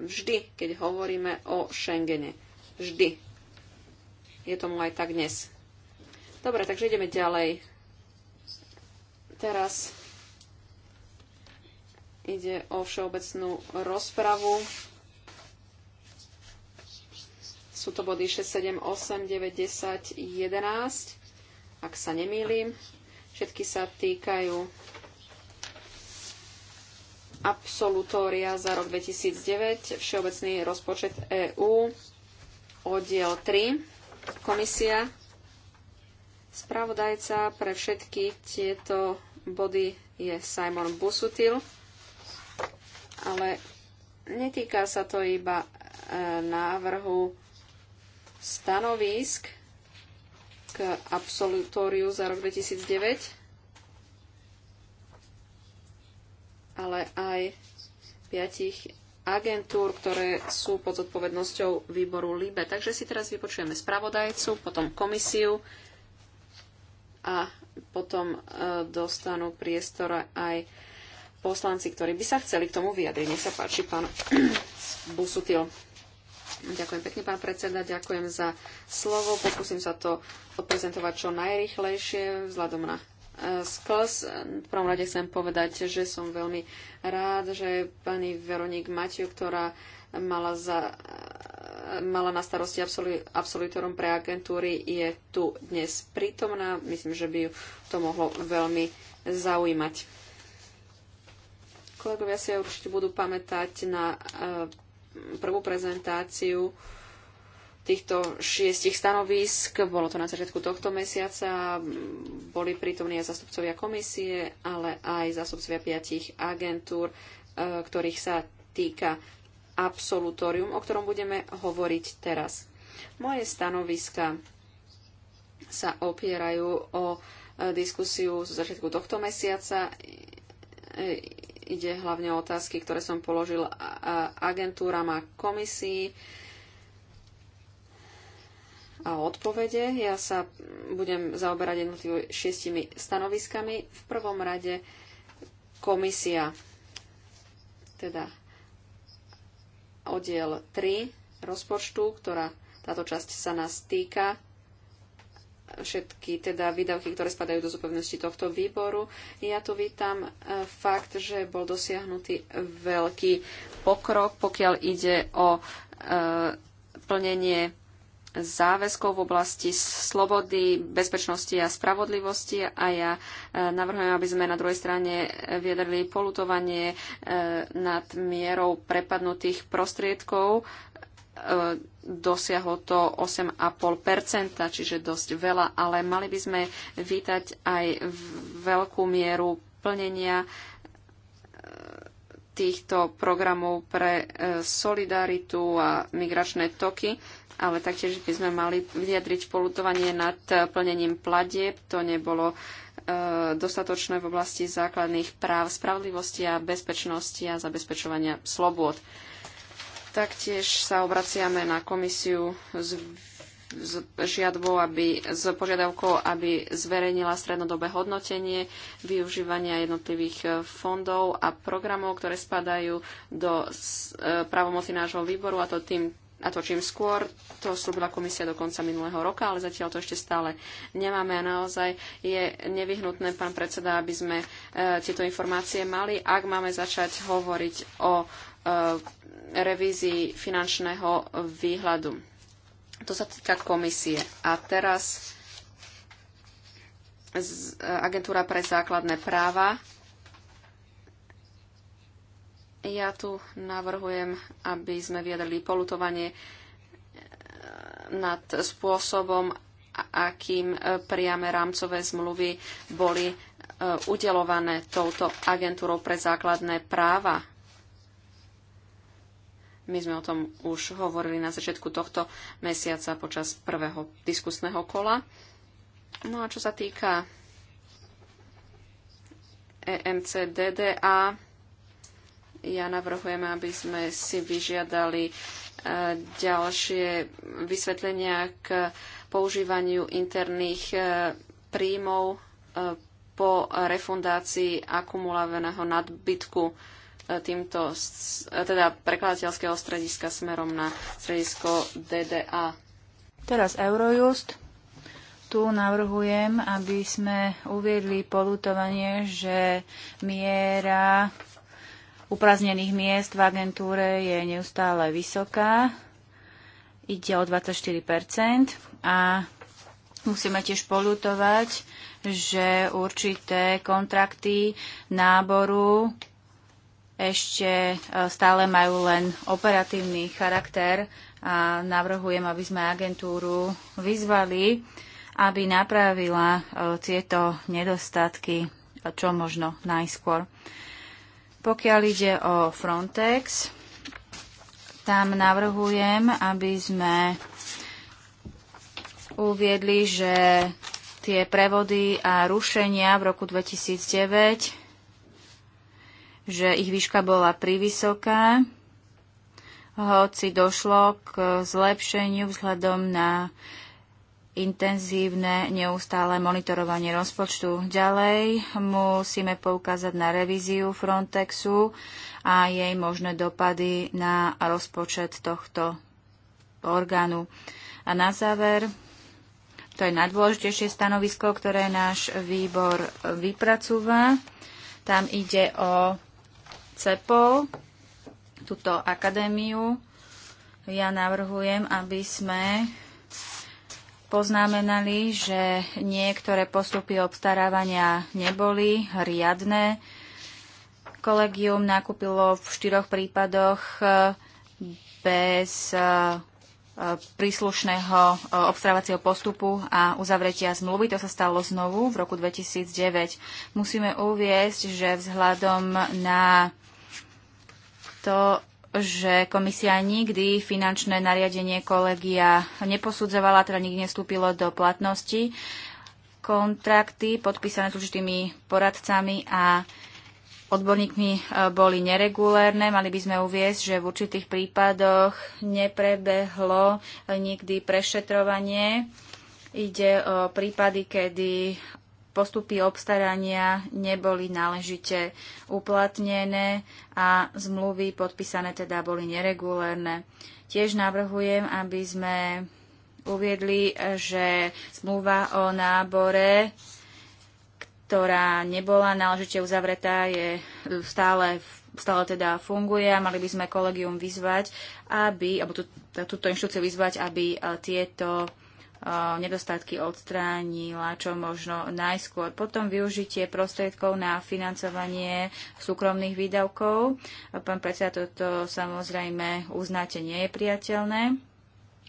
vždy, keď hovoríme o Schengene. Vždy. Je tomu aj tak dnes. Dobre, takže ideme ďalej. Teraz ide o všeobecnú rozpravu. Sú to body 6, 7, 8, 9, 10, 11, ak sa nemýlim. Všetky sa týkajú absolutória za rok 2009, Všeobecný rozpočet EÚ, oddiel 3, komisia, spravodajca pre všetky tieto body je Simon Busutil, ale netýka sa to iba e, návrhu stanovisk k absolutóriu za rok 2009, ale aj piatich agentúr, ktoré sú pod zodpovednosťou výboru LIBE. Takže si teraz vypočujeme spravodajcu, potom komisiu a potom e, dostanú priestor aj poslanci, ktorí by sa chceli k tomu vyjadriť. Nech sa páči, pán Busutil. Ďakujem pekne, pán predseda, ďakujem za slovo. Pokúsim sa to odprezentovať čo najrychlejšie vzhľadom na eh, sklz. V prvom rade chcem povedať, že som veľmi rád, že pani Veronik Matiu, ktorá mala, za, eh, mala na starosti absolu, absolutorom pre agentúry, je tu dnes prítomná. Myslím, že by ju to mohlo veľmi zaujímať. Kolegovia si určite budú pamätať na eh, prvú prezentáciu týchto šiestich stanovisk. Bolo to na začiatku tohto mesiaca. Boli prítomní aj zastupcovia komisie, ale aj zastupcovia piatich agentúr, e, ktorých sa týka absolutórium, o ktorom budeme hovoriť teraz. Moje stanoviska sa opierajú o e, diskusiu z začiatku tohto mesiaca. E, Ide hlavne o otázky, ktoré som položil agentúram a komisii a odpovede. Ja sa budem zaoberať jednotlivými šiestimi stanoviskami. V prvom rade komisia, teda oddiel 3 rozpočtu, ktorá táto časť sa nás týka všetky teda výdavky, ktoré spadajú do zodpovednosti tohto výboru. Ja tu vítam e, fakt, že bol dosiahnutý veľký pokrok, pokiaľ ide o e, plnenie záväzkov v oblasti slobody, bezpečnosti a spravodlivosti a ja e, navrhujem, aby sme na druhej strane vyjadrili polutovanie nad mierou prepadnutých prostriedkov E, dosiahlo to 8,5%, čiže dosť veľa, ale mali by sme vítať aj veľkú mieru plnenia e, týchto programov pre e, solidaritu a migračné toky, ale taktiež by sme mali vyjadriť polutovanie nad plnením pladieb. To nebolo dostatočné v oblasti základných práv, spravodlivosti a bezpečnosti a zabezpečovania slobôd. Taktiež sa obraciame na komisiu s, s žiadbou, aby, s požiadavkou, aby zverejnila strednodobé hodnotenie využívania jednotlivých e, fondov a programov, ktoré spadajú do e, právomoci nášho výboru a to tým a to čím skôr, to slúbila komisia do konca minulého roka, ale zatiaľ to ešte stále nemáme a naozaj je nevyhnutné, pán predseda, aby sme e, tieto informácie mali, ak máme začať hovoriť o Eh, revízii finančného výhľadu. To sa týka komisie. A teraz eh, agentúra pre základné práva. Ja tu navrhujem, aby sme vyjadrili polutovanie eh, nad spôsobom, akým priame rámcové zmluvy boli udelované touto agentúrou pre základné práva. My sme o tom už hovorili na začiatku tohto mesiaca počas prvého diskusného kola. No a čo sa týka EMCDDA, ja navrhujem, aby sme si vyžiadali e, ďalšie vysvetlenia k používaniu interných e, príjmov e, po refundácii akumulovaného nadbytku týmto, teda prekladateľského strediska smerom na stredisko DDA. Teraz Eurojust. Tu navrhujem, aby sme uviedli polutovanie, že miera upraznených miest v agentúre je neustále vysoká. Ide o 24 a musíme tiež polutovať, že určité kontrakty náboru ešte e, stále majú len operatívny charakter a navrhujem, aby sme agentúru vyzvali, aby napravila e, tieto nedostatky e, čo možno najskôr. Pokiaľ ide o Frontex, tam navrhujem, aby sme uviedli, že tie prevody a rušenia v roku 2009 že ich výška bola privysoká, hoci došlo k zlepšeniu vzhľadom na intenzívne neustále monitorovanie rozpočtu. Ďalej musíme poukázať na revíziu Frontexu a jej možné dopady na rozpočet tohto orgánu. A na záver, to je najdôležitejšie stanovisko, ktoré náš výbor vypracúva. Tam ide o CEPOL, túto akadémiu. Ja navrhujem, aby sme poznamenali, že niektoré postupy obstarávania neboli riadne. Kolegium nakúpilo v štyroch prípadoch eh, bez eh, príslušného e, obstarávacieho postupu a uzavretia zmluvy. To sa stalo znovu v roku 2009. Musíme uviesť, že vzhľadom na to, že komisia nikdy finančné nariadenie kolegia neposudzovala, teda nikdy nestúpilo do platnosti. Kontrakty podpísané s určitými poradcami a odborníkmi eh, boli neregulérne. Mali by sme uviezť, že v určitých prípadoch neprebehlo eh, nikdy prešetrovanie. Ide o prípady, kedy postupy obstarania neboli náležite uplatnené a zmluvy podpísané teda boli neregulérne. Tiež navrhujem, aby sme uviedli, eh, že zmluva o nábore ktorá nebola náležite uzavretá, je e, stále, stále teda funguje a mali by sme kolegium vyzvať, aby, alebo tú, túto inštitúciu vyzvať, aby e, tieto e, nedostatky odstránila čo možno najskôr. Potom využitie prostriedkov na financovanie súkromných výdavkov. Pán predseda, toto samozrejme uznáte nie je priateľné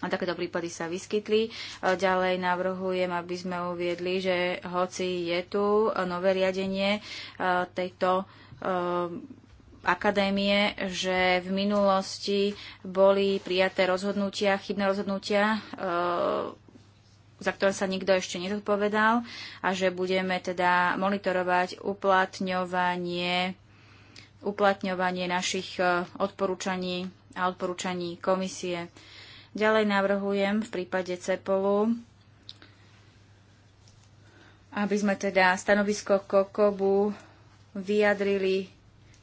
a takéto prípady sa vyskytli. E, ďalej navrhujem, aby sme uviedli, že hoci je tu nové riadenie e, tejto e, akadémie, že v minulosti boli prijaté rozhodnutia, chybné rozhodnutia, za ktoré sa nikto ešte nezodpovedal a že budeme teda monitorovať uplatňovanie, uplatňovanie našich odporúčaní a odporúčaní komisie. Ďalej navrhujem v prípade CEPOLu, aby sme teda stanovisko Kokobu vyjadrili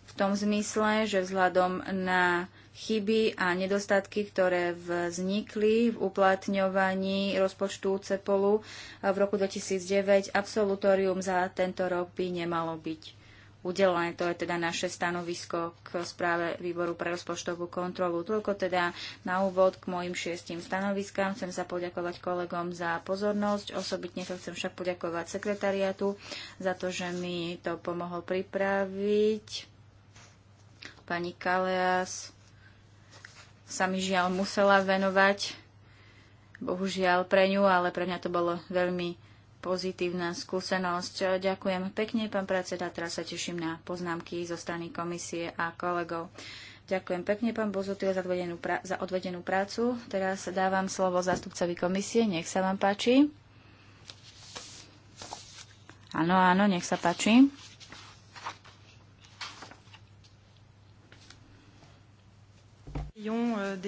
v tom zmysle, že vzhľadom na chyby a nedostatky, ktoré vznikli v uplatňovaní rozpočtu CEPOLu v roku 2009, absolutórium za tento rok by nemalo byť udelené. To je teda naše stanovisko k správe Výboru pre rozpočtovú kontrolu. Toľko teda na úvod k mojim šiestim stanoviskám. Chcem sa poďakovať kolegom za pozornosť. Osobitne sa chcem však poďakovať sekretariatu za to, že mi to pomohol pripraviť. Pani Kaleas sa mi žiaľ musela venovať. Bohužiaľ pre ňu, ale pre mňa to bolo veľmi pozitívna skúsenosť. Ďakujem pekne, pán predseda. Teraz sa teším na poznámky zo strany komisie a kolegov. Ďakujem pekne, pán Bozutil, za odvedenú, pra- za odvedenú prácu. Teraz dávam slovo zástupcovi komisie. Nech sa vám páči. Áno, áno, nech sa páči. Euh,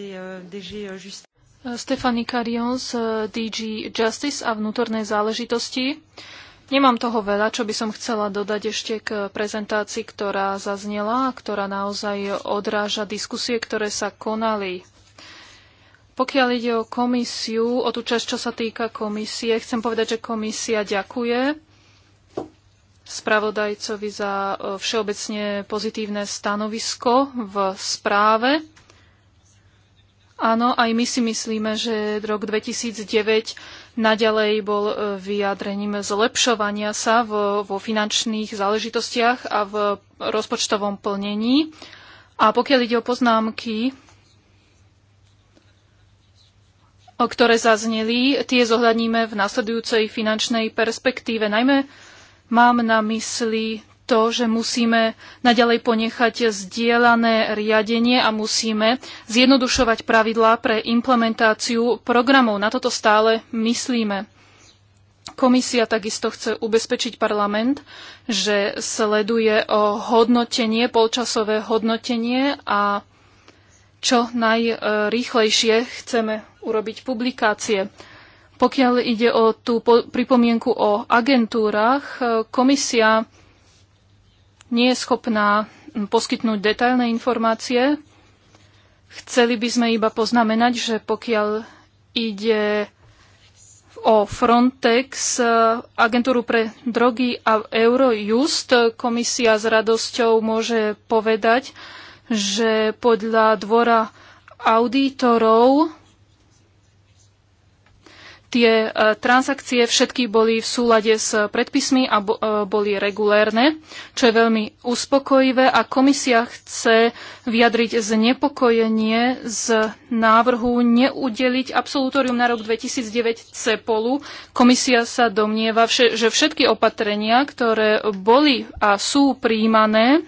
des euh, euh, Stefany Carion z eh, DG Justice a vnútornej záležitosti. Nemám toho veľa, čo by som chcela dodať ešte k prezentácii, ktorá zaznela a ktorá naozaj odráža diskusie, ktoré sa konali. Pokiaľ ide o komisiu, o tú časť, čo sa týka komisie, chcem povedať, že komisia ďakuje spravodajcovi za eh, všeobecne pozitívne stanovisko v správe. Áno, aj my si myslíme, že rok 2009 naďalej bol e, vyjadrením zlepšovania sa vo, vo finančných záležitostiach a v rozpočtovom plnení. A pokiaľ ide o poznámky, o ktoré zazneli, tie zohľadníme v nasledujúcej finančnej perspektíve. Najmä mám na mysli to, že musíme naďalej ponechať zdieľané riadenie a musíme zjednodušovať pravidlá pre implementáciu programov. Na toto stále myslíme. Komisia takisto chce ubezpečiť parlament, že sleduje o hodnotenie, polčasové hodnotenie a čo najrýchlejšie chceme urobiť publikácie. Pokiaľ ide o tú pripomienku o agentúrach, komisia nie je schopná poskytnúť detailné informácie. Chceli by sme iba poznamenať, že pokiaľ ide o Frontex, e, agentúru pre drogy a Eurojust, komisia s radosťou môže povedať, že podľa dvora auditorov Tie e, transakcie všetky boli v súlade s predpismi a e, boli regulérne, čo je veľmi uspokojivé a komisia chce vyjadriť znepokojenie z návrhu neudeliť absolutórium na rok 2009 CEPOLu. Komisia sa domnieva, že všetky opatrenia, ktoré boli a sú príjmané,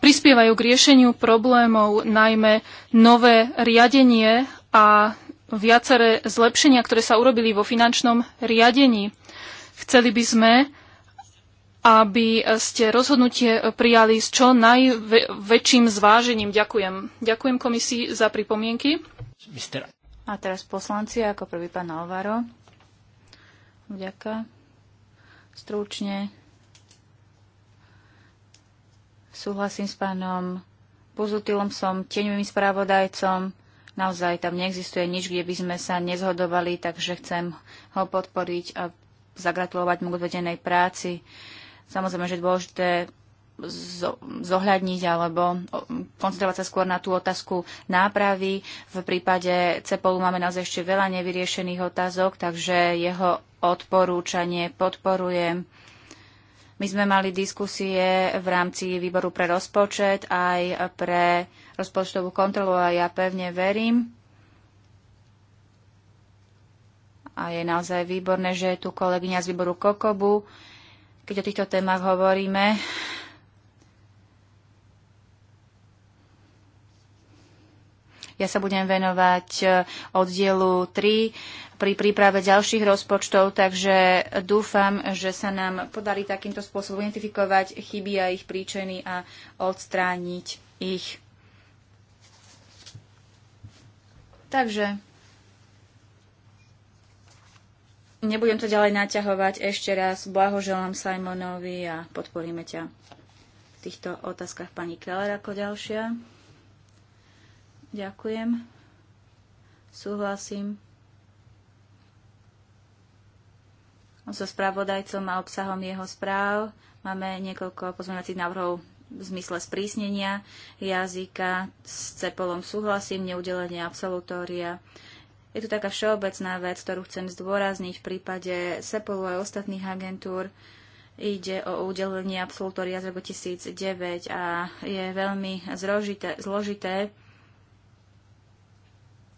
prispievajú k riešeniu problémov, najmä nové riadenie a viaceré zlepšenia, ktoré sa urobili vo finančnom riadení. Chceli by sme, aby ste rozhodnutie prijali s čo najväčším zvážením. Ďakujem. Ďakujem komisii za pripomienky. A teraz poslanci, ako prvý pán Alvaro. Vďaka. Stručne. Súhlasím s pánom Buzutilom, som tieňovým spravodajcom. Naozaj tam neexistuje nič, kde by sme sa nezhodovali, takže chcem ho podporiť a zagratulovať mu k odvedenej práci. Samozrejme, že je dôležité zohľadniť alebo koncentrovať sa skôr na tú otázku nápravy. V prípade CEPOLu máme naozaj ešte veľa nevyriešených otázok, takže jeho odporúčanie podporujem. My sme mali diskusie v rámci výboru pre rozpočet aj pre rozpočtovú kontrolu a ja pevne verím, a je naozaj výborné, že je tu kolegyňa z výboru Kokobu, keď o týchto témach hovoríme. Ja sa budem venovať e, oddielu 3 pri príprave ďalších rozpočtov, takže dúfam, že sa nám podarí takýmto spôsobom identifikovať chyby a ich príčiny a odstrániť ich. Takže nebudem to ďalej naťahovať. Ešte raz blahoželám Simonovi a podporíme ťa v týchto otázkach pani Keller ako ďalšia. Ďakujem. Súhlasím. So spravodajcom a obsahom jeho správ máme niekoľko pozmeňovacích návrhov v zmysle sprísnenia jazyka. S Cepolom súhlasím, neudelenie absolutória. Je tu taká všeobecná vec, ktorú chcem zdôrazniť v prípade Sepolu aj ostatných agentúr. Ide o udelenie absolutória z roku 2009 a je veľmi zrožité, zložité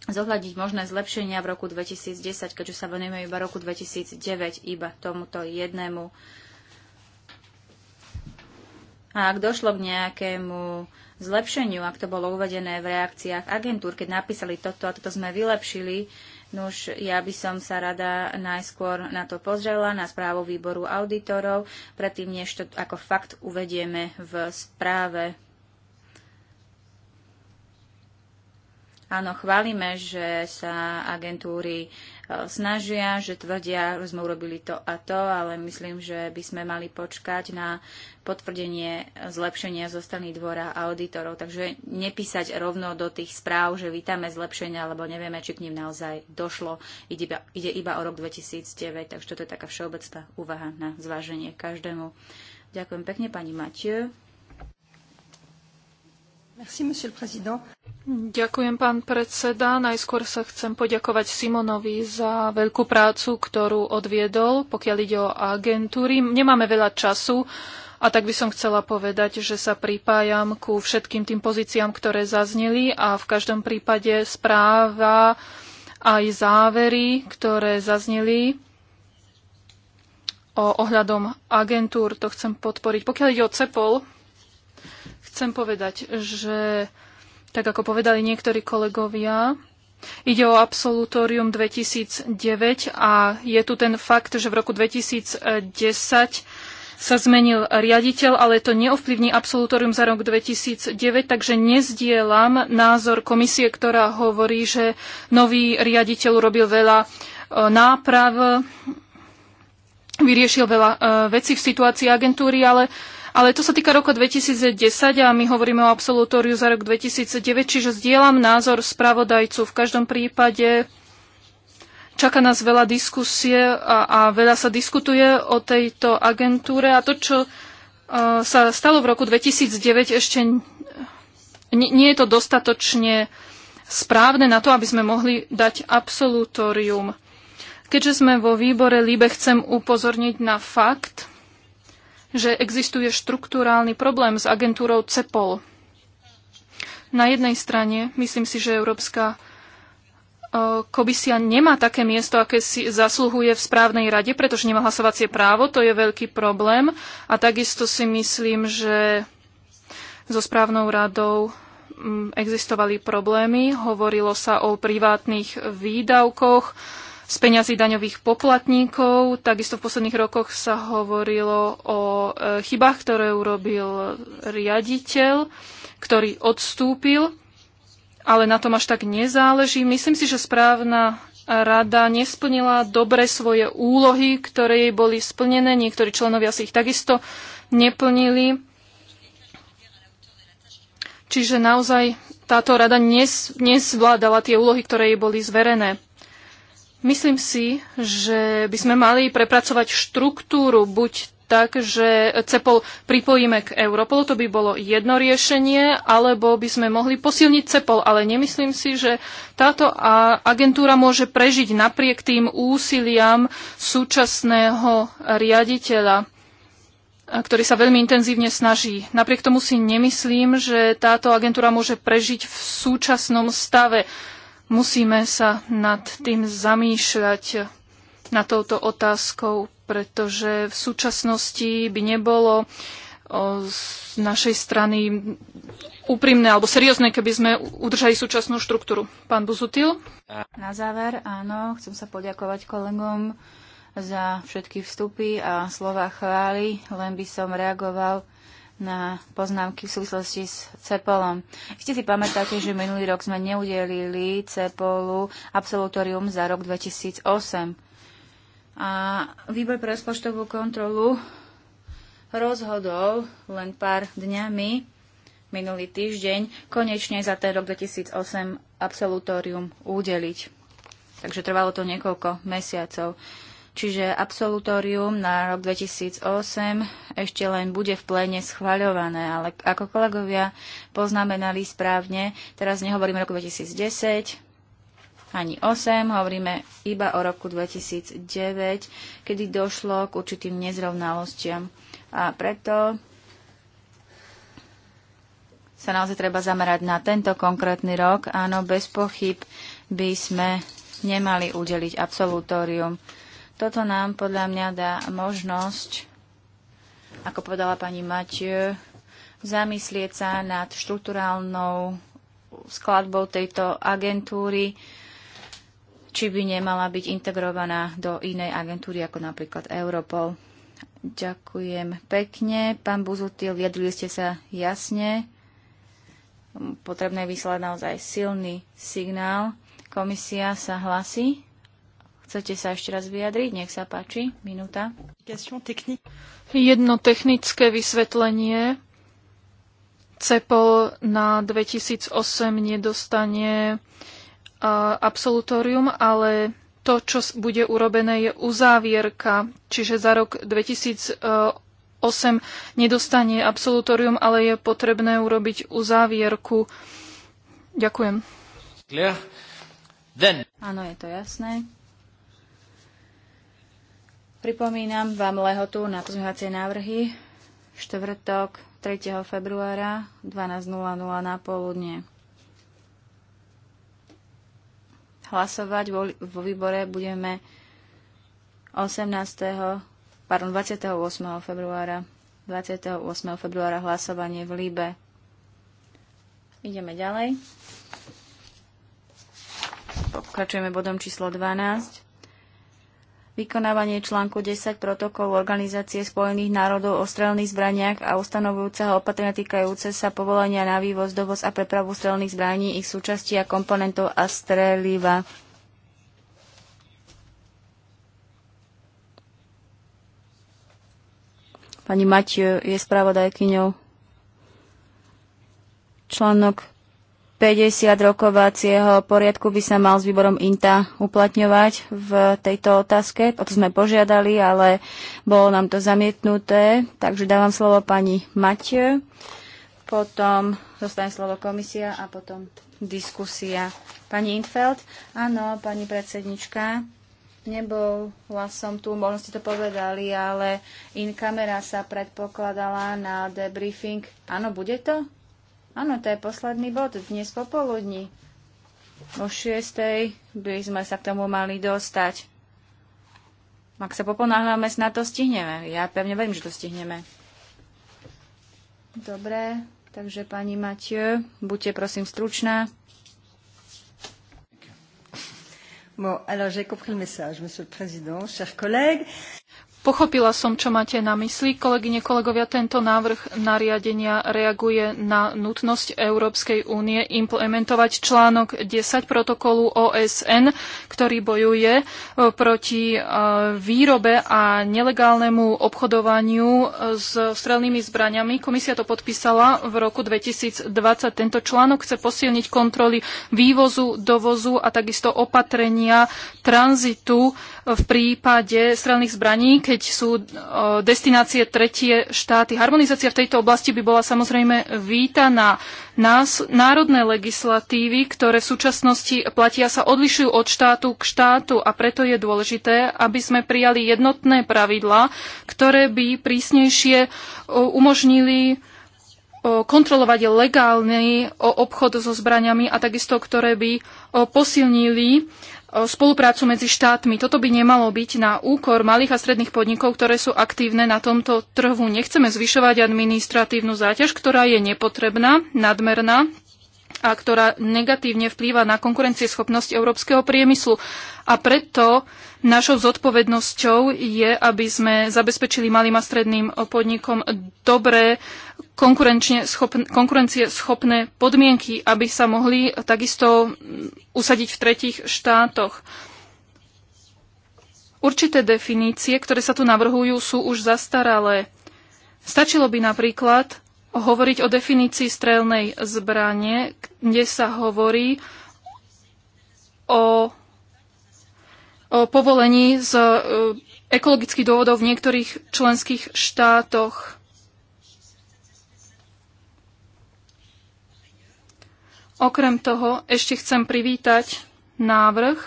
zohľadiť možné zlepšenia v roku 2010, keďže sa venujeme iba roku 2009, iba tomuto jednému a ak došlo k nejakému zlepšeniu, ak to bolo uvedené v reakciách agentúr, keď napísali toto a toto sme vylepšili, Nuž, ja by som sa rada najskôr na to pozrela, na správu výboru auditorov, predtým než to ako fakt uvedieme v správe. Áno, chválime, že sa agentúry snažia, že tvrdia, že sme urobili to a to, ale myslím, že by sme mali počkať na potvrdenie zlepšenia zo strany dvora auditorov. Takže nepísať rovno do tých správ, že vítame zlepšenia, alebo nevieme, či k ním naozaj došlo. Ide iba, ide iba o rok 2009, takže toto je taká všeobecná úvaha na zváženie každému. Ďakujem pekne, pani Matiu. Merci, monsieur le président. Ďakujem, pán predseda. Najskôr sa chcem poďakovať Simonovi za veľkú prácu, ktorú odviedol, pokiaľ ide o agentúry. Nemáme veľa času a tak by som chcela povedať, že sa pripájam ku všetkým tým pozíciám, ktoré zazneli a v každom prípade správa aj závery, ktoré zazneli o ohľadom agentúr, to chcem podporiť. Pokiaľ ide o CEPOL, chcem povedať, že tak ako povedali niektorí kolegovia, Ide o absolutórium 2009 a je tu ten fakt, že v roku 2010 sa zmenil riaditeľ, ale to neovplyvní absolutórium za rok 2009, takže nezdielam názor komisie, ktorá hovorí, že nový riaditeľ urobil veľa e, náprav, vyriešil veľa e, vecí v situácii agentúry, ale ale to sa týka roku 2010 a my hovoríme o absolutóriu za rok 2009, čiže zdieľam názor spravodajcu. V každom prípade čaká nás veľa diskusie a, a veľa sa diskutuje o tejto agentúre a to, čo uh, sa stalo v roku 2009, ešte nie, nie je to dostatočne správne na to, aby sme mohli dať absolutórium. Keďže sme vo výbore líbe chcem upozorniť na fakt, že existuje štruktúrálny problém s agentúrou CEPOL. Na jednej strane, myslím si, že Európska e, komisia nemá také miesto, aké si zasluhuje v správnej rade, pretože nemá hlasovacie právo, to je veľký problém. A takisto si myslím, že so správnou radou mm, existovali problémy. Hovorilo sa o privátnych výdavkoch, z peňazí daňových poplatníkov. Takisto v posledných rokoch sa hovorilo o e, chybách, ktoré urobil riaditeľ, ktorý odstúpil, ale na tom až tak nezáleží. Myslím si, že správna rada nesplnila dobre svoje úlohy, ktoré jej boli splnené. Niektorí členovia si ich takisto neplnili. Čiže naozaj táto rada nes, nezvládala tie úlohy, ktoré jej boli zverené. Myslím si, že by sme mali prepracovať štruktúru buď tak, že CEPOL pripojíme k Europolu, to by bolo jedno riešenie, alebo by sme mohli posilniť CEPOL, ale nemyslím si, že táto agentúra môže prežiť napriek tým úsiliam súčasného riaditeľa ktorý sa veľmi intenzívne snaží. Napriek tomu si nemyslím, že táto agentúra môže prežiť v súčasnom stave. Musíme sa nad tým zamýšľať, na touto otázkou, pretože v súčasnosti by nebolo z našej strany úprimné alebo seriózne, keby sme udržali súčasnú štruktúru. Pán Buzutil? Na záver, áno, chcem sa poďakovať kolegom za všetky vstupy a slova chvály. Len by som reagoval na poznámky v súvislosti s CEPOLom. Ste si pamätáte, že minulý rok sme neudelili CEPOLu absolutorium za rok 2008. A výbor pre rozpočtovú kontrolu rozhodol len pár dňami minulý týždeň konečne za ten rok 2008 absolutórium udeliť. Takže trvalo to niekoľko mesiacov. Čiže absolutórium na rok 2008 ešte len bude v pléne schvaľované, ale ako kolegovia poznamenali správne, teraz nehovoríme rok roku 2010, ani 8, hovoríme iba o roku 2009, kedy došlo k určitým nezrovnalostiam. A preto sa naozaj treba zamerať na tento konkrétny rok. Áno, bez pochyb by sme nemali udeliť absolutórium. Toto nám podľa mňa dá možnosť, ako povedala pani Matiu, zamyslieť sa nad štruktúrálnou skladbou tejto agentúry, či by nemala byť integrovaná do inej agentúry, ako napríklad Europol. Ďakujem pekne. Pán Buzutil, vyjadrili ste sa jasne. Potrebné vyslať naozaj silný signál. Komisia sa hlasí. Chcete sa ešte raz vyjadriť? Nech sa páči. Minúta. Jedno technické vysvetlenie. CEPOL na 2008 nedostane absolutórium, ale to, čo bude urobené, je uzávierka. Čiže za rok 2008 nedostane absolutórium, ale je potrebné urobiť uzávierku. Ďakujem. Áno, je to jasné. Pripomínam vám lehotu na pozmehovacie návrhy štvrtok 3. februára 12.00 na poludne. Hlasovať vo, vo výbore budeme 18. pardon, 28. februára. 28. februára hlasovanie v Líbe. Ideme ďalej. Pokračujeme bodom číslo 12 vykonávanie článku 10 protokolu Organizácie spojených národov o strelných zbraniach a ustanovujúceho opatrenia týkajúce sa povolenia na vývoz, dovoz a prepravu strelných zbraní, ich súčasti a komponentov a streliva. Pani Matiu je spravodajkyňou. Článok 50 rokovacieho poriadku by sa mal s výborom INTA uplatňovať v tejto otázke. O to sme požiadali, ale bolo nám to zamietnuté. Takže dávam slovo pani Matie, potom zostane slovo komisia a potom diskusia. Pani Infeld? Áno, pani predsednička. Nebola som tu, možno ste to povedali, ale in kamera sa predpokladala na debriefing. Áno, bude to? Áno, to je posledný bod dnes popoludní. O šiestej by sme sa k tomu mali dostať. Ak sa poponáhľame, snad to stihneme. Ja pevne verím, že to stihneme. Dobre, takže pani Matiu, buďte prosím stručná. Bon, alors j'ai compris le message, Monsieur le Président, chers collègues. Pochopila som, čo máte na mysli. Kolegyne, kolegovia, tento návrh nariadenia reaguje na nutnosť Európskej únie implementovať článok 10 protokolu OSN, ktorý bojuje e, proti e, výrobe a nelegálnemu obchodovaniu e, s strelnými zbraniami. Komisia to podpísala v roku 2020. Tento článok chce posilniť kontroly vývozu, dovozu a takisto opatrenia tranzitu v prípade strelných zbraní, keď sú destinácie tretie štáty. Harmonizácia v tejto oblasti by bola samozrejme vítaná. Nás, národné legislatívy, ktoré v súčasnosti platia, sa odlišujú od štátu k štátu a preto je dôležité, aby sme prijali jednotné pravidlá, ktoré by prísnejšie umožnili kontrolovať legálny obchod so zbraniami a takisto, ktoré by posilnili spoluprácu medzi štátmi. Toto by nemalo byť na úkor malých a stredných podnikov, ktoré sú aktívne na tomto trhu. Nechceme zvyšovať administratívnu záťaž, ktorá je nepotrebná, nadmerná a ktorá negatívne vplýva na konkurencieschopnosť európskeho priemyslu. A preto našou zodpovednosťou je, aby sme zabezpečili malým a stredným podnikom dobré schopn konkurencieschopné podmienky, aby sa mohli takisto usadiť v tretích štátoch. Určité definície, ktoré sa tu navrhujú, sú už zastaralé. Stačilo by napríklad hovoriť o definícii strelnej zbranie, kde sa hovorí o, o povolení z e, ekologických dôvodov v niektorých členských štátoch. Okrem toho ešte chcem privítať návrh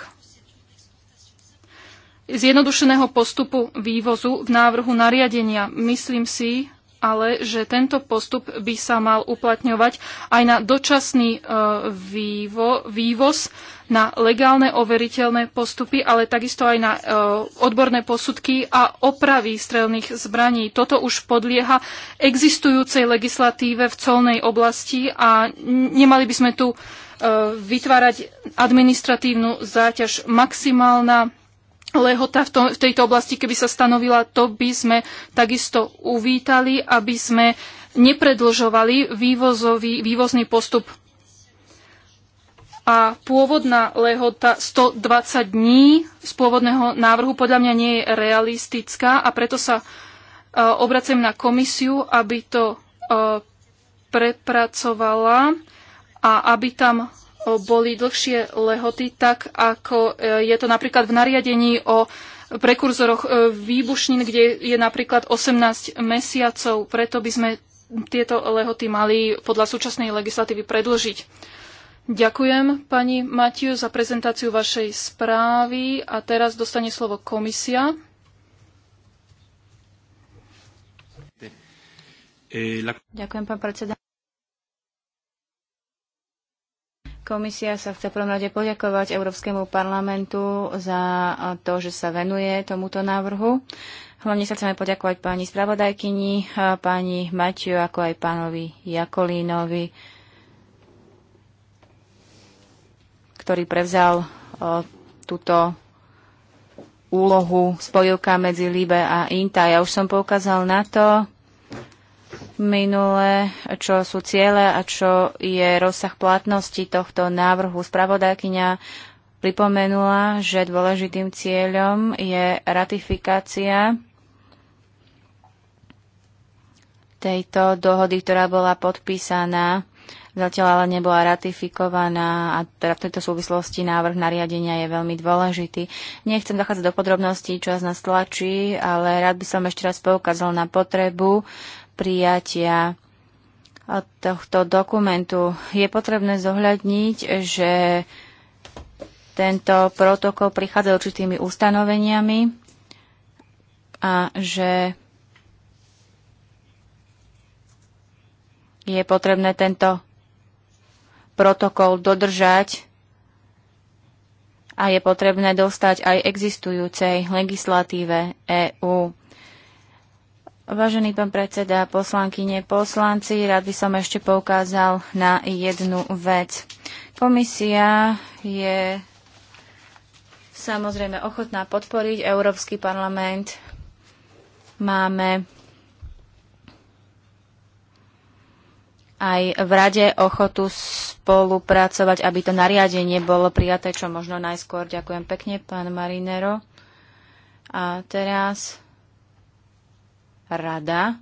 zjednodušeného postupu vývozu v návrhu nariadenia. Myslím si, ale že tento postup by sa mal uplatňovať aj na dočasný e, vývo, vývoz, na legálne overiteľné postupy, ale takisto aj na e, odborné posudky a opravy strelných zbraní. Toto už podlieha existujúcej legislatíve v colnej oblasti a nemali by sme tu e, vytvárať administratívnu záťaž. Maximálna lehota v, v tejto oblasti, keby sa stanovila, to by sme takisto uvítali, aby sme nepredlžovali vývozový, vývozný postup. A pôvodná lehota 120 dní z pôvodného návrhu podľa mňa nie je realistická a preto sa uh, e, obracujem na komisiu, aby to e, prepracovala a aby tam boli dlhšie lehoty, tak ako e, je to napríklad v nariadení o prekurzoroch e, výbušnín, kde je napríklad 18 mesiacov. Preto by sme tieto lehoty mali podľa súčasnej legislatívy predlžiť. Ďakujem pani Matiu za prezentáciu vašej správy a teraz dostane slovo komisia. Ďakujem, pán predseda. Komisia sa chce prvom rade poďakovať Európskemu parlamentu za to, že sa venuje tomuto návrhu. Hlavne sa chceme poďakovať pani spravodajkyni, pani Matiu, ako aj pánovi Jakolínovi, ktorý prevzal túto úlohu spojivka medzi Libe a Inta. Ja už som poukázal na to, minule, čo sú ciele a čo je rozsah platnosti tohto návrhu. Spravodajkyňa pripomenula, že dôležitým cieľom je ratifikácia tejto dohody, ktorá bola podpísaná zatiaľ ale nebola ratifikovaná a teda v tejto súvislosti návrh nariadenia je veľmi dôležitý. Nechcem dochádzať do podrobností, čo nás tlačí, ale rád by som ešte raz poukázal na potrebu prijatia tohto dokumentu. Je potrebné zohľadniť, že tento protokol prichádza určitými ustanoveniami a že je potrebné tento protokol dodržať a je potrebné dostať aj existujúcej legislatíve EÚ. Vážený pán predseda, poslankyne, poslanci, rád by som ešte poukázal na jednu vec. Komisia je samozrejme ochotná podporiť Európsky parlament. Máme aj v rade ochotu spolupracovať, aby to nariadenie bolo prijaté čo možno najskôr. Ďakujem pekne, pán Marinero. A teraz rada.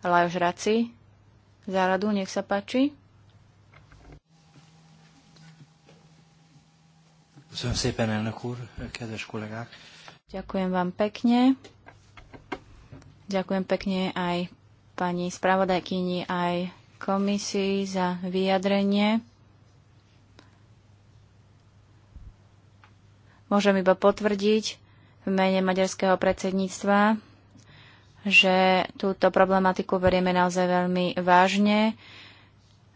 Lajos Raci za radu, nech sa páči. Ďakujem vám pekne. Ďakujem pekne aj pani spravodajkyni, aj komisii za vyjadrenie. Môžem iba potvrdiť v mene maďarského predsedníctva, že túto problematiku berieme naozaj veľmi vážne.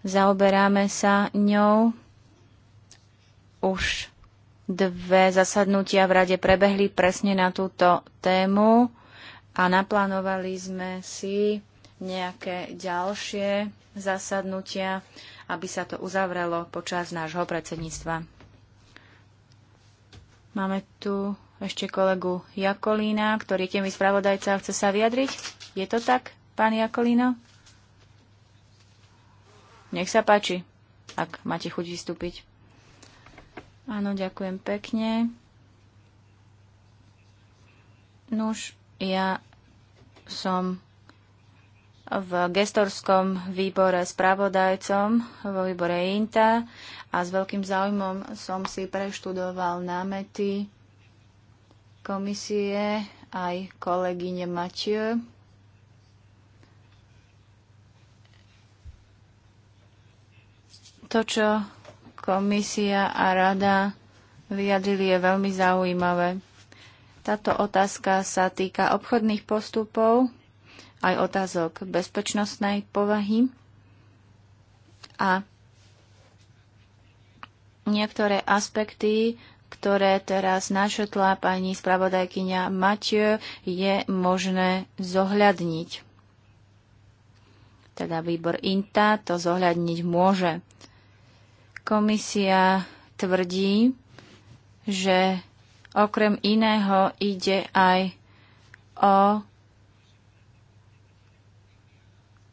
Zaoberáme sa ňou. Už dve zasadnutia v rade prebehli presne na túto tému a naplánovali sme si nejaké ďalšie zasadnutia, aby sa to uzavrelo počas nášho predsedníctva. Máme tu ešte kolegu Jakolína, ktorý je mi spravodajca a chce sa vyjadriť. Je to tak, pán Jakolíno? Nech sa páči, ak máte chuť vystúpiť. Áno, ďakujem pekne. Nuž, ja som v gestorskom výbore spravodajcom vo výbore INTA a s veľkým záujmom som si preštudoval námety komisie, aj kolegyne Mathieu. To, čo komisia a rada vyjadrili, je veľmi zaujímavé. Táto otázka sa týka obchodných postupov, aj otázok bezpečnostnej povahy a niektoré aspekty ktoré teraz našetla pani spravodajkyňa Mathieu, je možné zohľadniť. Teda výbor INTA to zohľadniť môže. Komisia tvrdí, že okrem iného ide aj o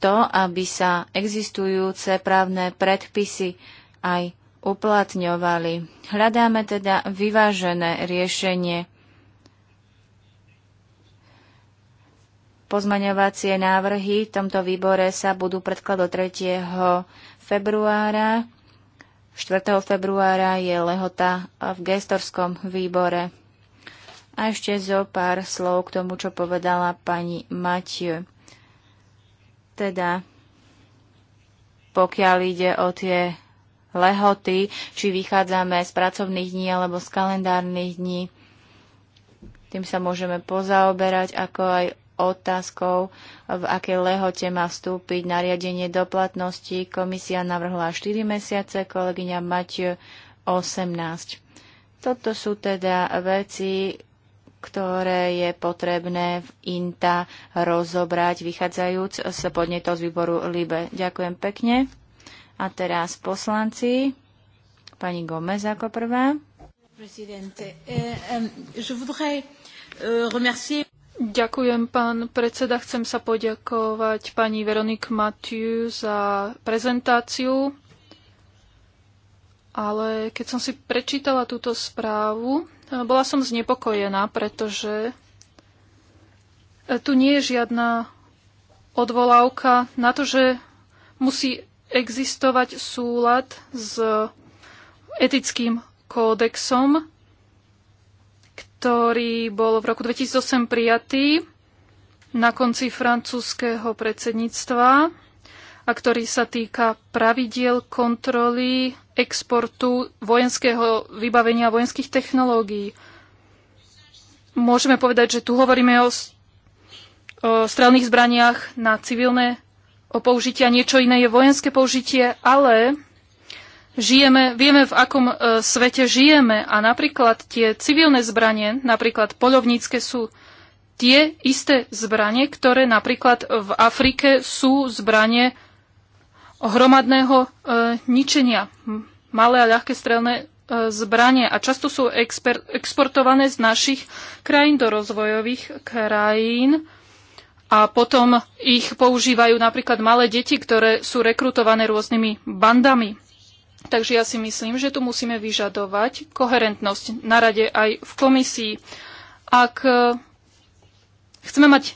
to, aby sa existujúce právne predpisy aj uplatňovali. Hľadáme teda vyvážené riešenie. Pozmaňovacie návrhy v tomto výbore sa budú predkladať 3. februára. 4. februára je lehota v gestorskom výbore. A ešte zo pár slov k tomu, čo povedala pani Matiu. Teda, pokiaľ ide o tie lehoty, či vychádzame z pracovných dní alebo z kalendárnych dní. Tým sa môžeme pozaoberať, ako aj otázkou, v akej lehote má vstúpiť nariadenie do platnosti. Komisia navrhla 4 mesiace, kolegyňa Mať 18. Toto sú teda veci, ktoré je potrebné v INTA rozobrať, vychádzajúc z podnetov z výboru LIBE. Ďakujem pekne. A teraz poslanci. Pani Gomez ako prvá. Eh, eh, Ďakujem, pán predseda. Chcem sa poďakovať pani Veronik Matiu za prezentáciu. Ale keď som si prečítala túto správu, eh, bola som znepokojená, pretože tu nie je žiadna odvolávka na to, že musí existovať súlad s etickým kódexom, ktorý bol v roku 2008 prijatý na konci francúzského predsedníctva a ktorý sa týka pravidiel kontroly exportu vojenského vybavenia vojenských technológií. Môžeme povedať, že tu hovoríme o, o strelných zbraniach na civilné použitie a niečo iné je vojenské použitie, ale žijeme, vieme, v akom e, svete žijeme a napríklad tie civilné zbranie, napríklad polovnícke sú tie isté zbranie, ktoré napríklad v Afrike sú zbranie hromadného e, ničenia. Malé a ľahké strelné e, zbranie a často sú exper- exportované z našich krajín do rozvojových krajín. E, a potom ich používajú napríklad malé deti, ktoré sú rekrutované rôznymi bandami. Takže ja si myslím, že tu musíme vyžadovať koherentnosť na rade aj v komisii. Ak e, chceme mať e,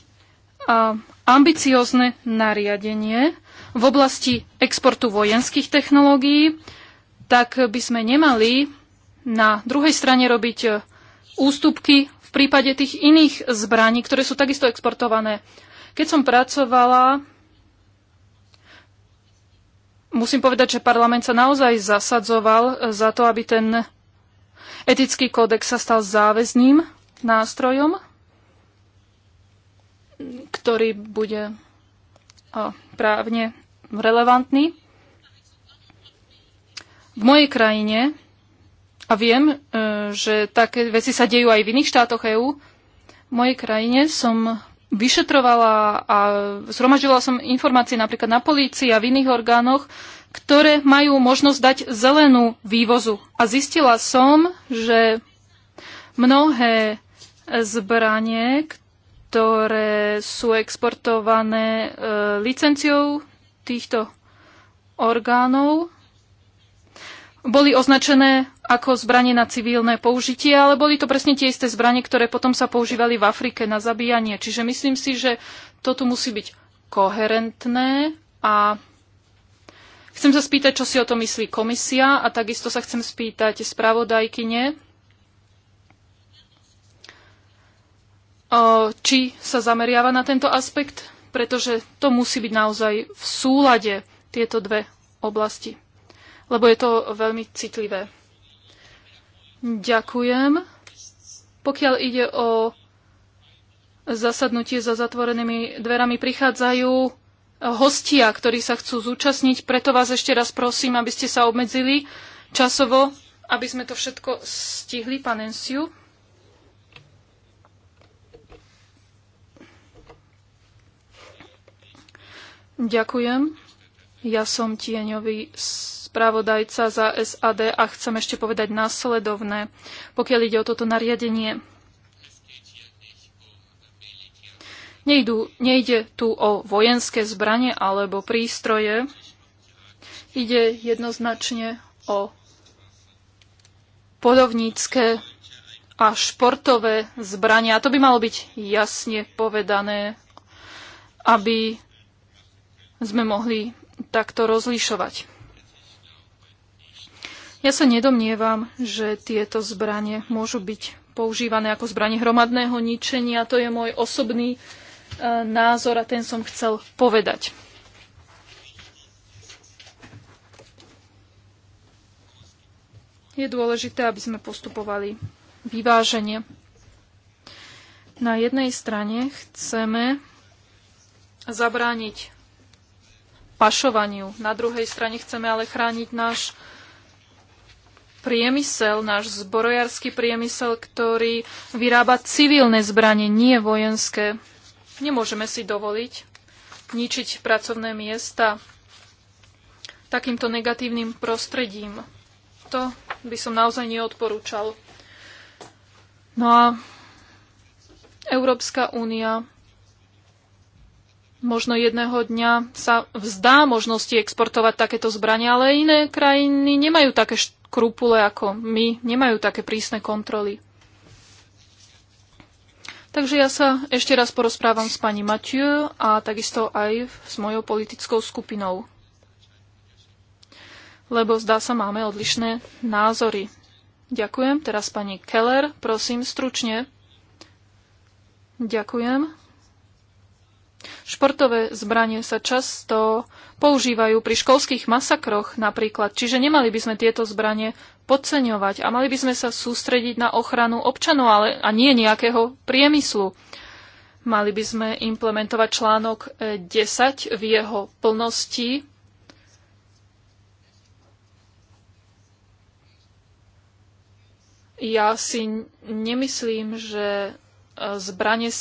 ambiciozne nariadenie v oblasti exportu vojenských technológií, tak by sme nemali na druhej strane robiť e, ústupky v prípade tých iných zbraní, ktoré sú takisto exportované keď som pracovala, musím povedať, že parlament sa naozaj zasadzoval eh, za to, aby ten etický kódex sa stal záväzným nástrojom, ktorý bude eh, právne relevantný. V mojej krajine, a viem, eh, že také veci sa dejú aj v iných štátoch EÚ, v mojej krajine som vyšetrovala a zhromažila som informácie napríklad na polícii a v iných orgánoch, ktoré majú možnosť dať zelenú vývozu. A zistila som, že mnohé zbranie, ktoré sú exportované e, licenciou týchto orgánov, boli označené ako zbranie na civilné použitie, ale boli to presne tie isté zbranie, ktoré potom sa používali v Afrike na zabíjanie. Čiže myslím si, že toto musí byť koherentné a chcem sa spýtať, čo si o to myslí komisia a takisto sa chcem spýtať spravodajkyne, či sa zameriava na tento aspekt, pretože to musí byť naozaj v súlade tieto dve oblasti lebo je to veľmi citlivé. Ďakujem. Pokiaľ ide o zasadnutie za zatvorenými dverami, prichádzajú hostia, ktorí sa chcú zúčastniť. Preto vás ešte raz prosím, aby ste sa obmedzili časovo, aby sme to všetko stihli, pán Ensiu. Ďakujem. Ja som tieňový spravodajca za SAD a chcem ešte povedať následovné, pokiaľ ide o toto nariadenie. Nejdu, nejde tu o vojenské zbranie alebo prístroje. Ide jednoznačne o podovnícke a športové zbrania. A to by malo byť jasne povedané, aby sme mohli takto rozlišovať. Ja sa nedomnievam, že tieto zbranie môžu byť používané ako zbranie hromadného ničenia. To je môj osobný e, názor a ten som chcel povedať. Je dôležité, aby sme postupovali vyváženie. Na jednej strane chceme zabrániť pašovaniu. Na druhej strane chceme ale chrániť náš priemysel, náš zbrojársky priemysel, ktorý vyrába civilné zbranie, nie vojenské. Nemôžeme si dovoliť ničiť pracovné miesta takýmto negatívnym prostredím. To by som naozaj neodporúčal. No a Európska únia možno jedného dňa sa vzdá možnosti exportovať takéto zbrania, ale iné krajiny nemajú také škrupule ako my, nemajú také prísne kontroly. Takže ja sa ešte raz porozprávam s pani Mathieu a takisto aj s mojou politickou skupinou. Lebo zdá sa, máme odlišné názory. Ďakujem. Teraz pani Keller, prosím, stručne. Ďakujem. Športové zbranie sa často používajú pri školských masakroch napríklad, čiže nemali by sme tieto zbranie podceňovať a mali by sme sa sústrediť na ochranu občanov ale, a nie nejakého priemyslu. Mali by sme implementovať článok 10 e, v jeho plnosti, Ja si nemyslím, že e, zbranie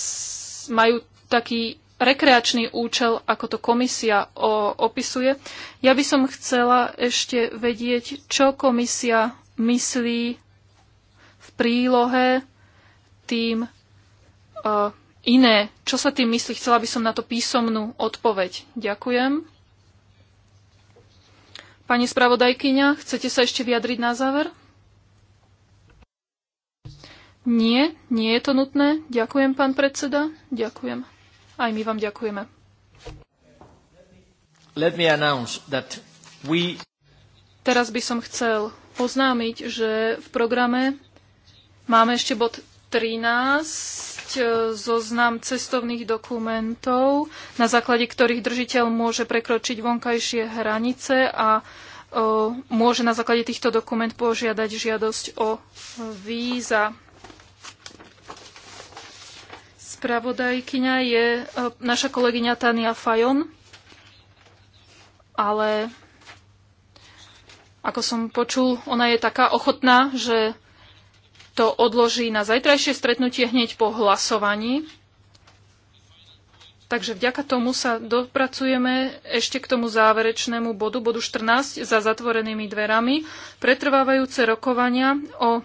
majú taký rekreačný účel, ako to komisia o, opisuje. Ja by som chcela ešte vedieť, čo komisia myslí v prílohe tým uh, iné. Čo sa tým myslí? Chcela by som na to písomnú odpoveď. Ďakujem. Pani spravodajkyňa, chcete sa ešte vyjadriť na záver? Nie, nie je to nutné. Ďakujem, pán predseda. Ďakujem. Aj my vám ďakujeme. Let me announce that we... Teraz by som chcel oznámiť, že v programe máme ešte bod 13, e, zoznam cestovných dokumentov, na základe ktorých držiteľ môže prekročiť vonkajšie hranice a o, e, môže na základe týchto dokument požiadať žiadosť o víza. Spravodajkyňa je e, naša kolegyňa Tania Fajon, ale ako som počul, ona je taká ochotná, že to odloží na zajtrajšie stretnutie hneď po hlasovaní. Takže vďaka tomu sa dopracujeme ešte k tomu záverečnému bodu, bodu 14, za zatvorenými dverami, pretrvávajúce rokovania o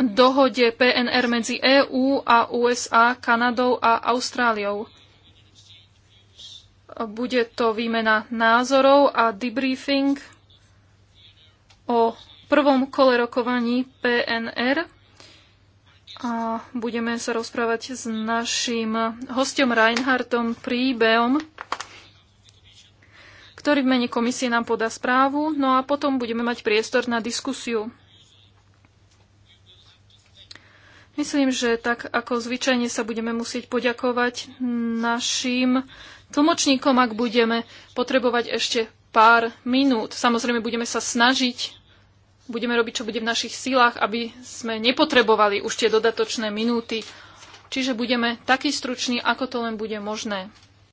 dohode PNR medzi EÚ a USA, Kanadou a Austráliou. Bude to výmena názorov a debriefing o prvom kole rokovaní PNR a budeme sa rozprávať s našim hostom Reinhardtom Príbeom, ktorý v mene komisie nám podá správu, no a potom budeme mať priestor na diskusiu. Myslím, že tak ako zvyčajne sa budeme musieť poďakovať našim tlmočníkom, ak budeme potrebovať ešte pár minút. Samozrejme, budeme sa snažiť, budeme robiť, čo bude v našich silách, aby sme nepotrebovali už tie dodatočné minúty. Čiže budeme takí struční, ako to len bude možné.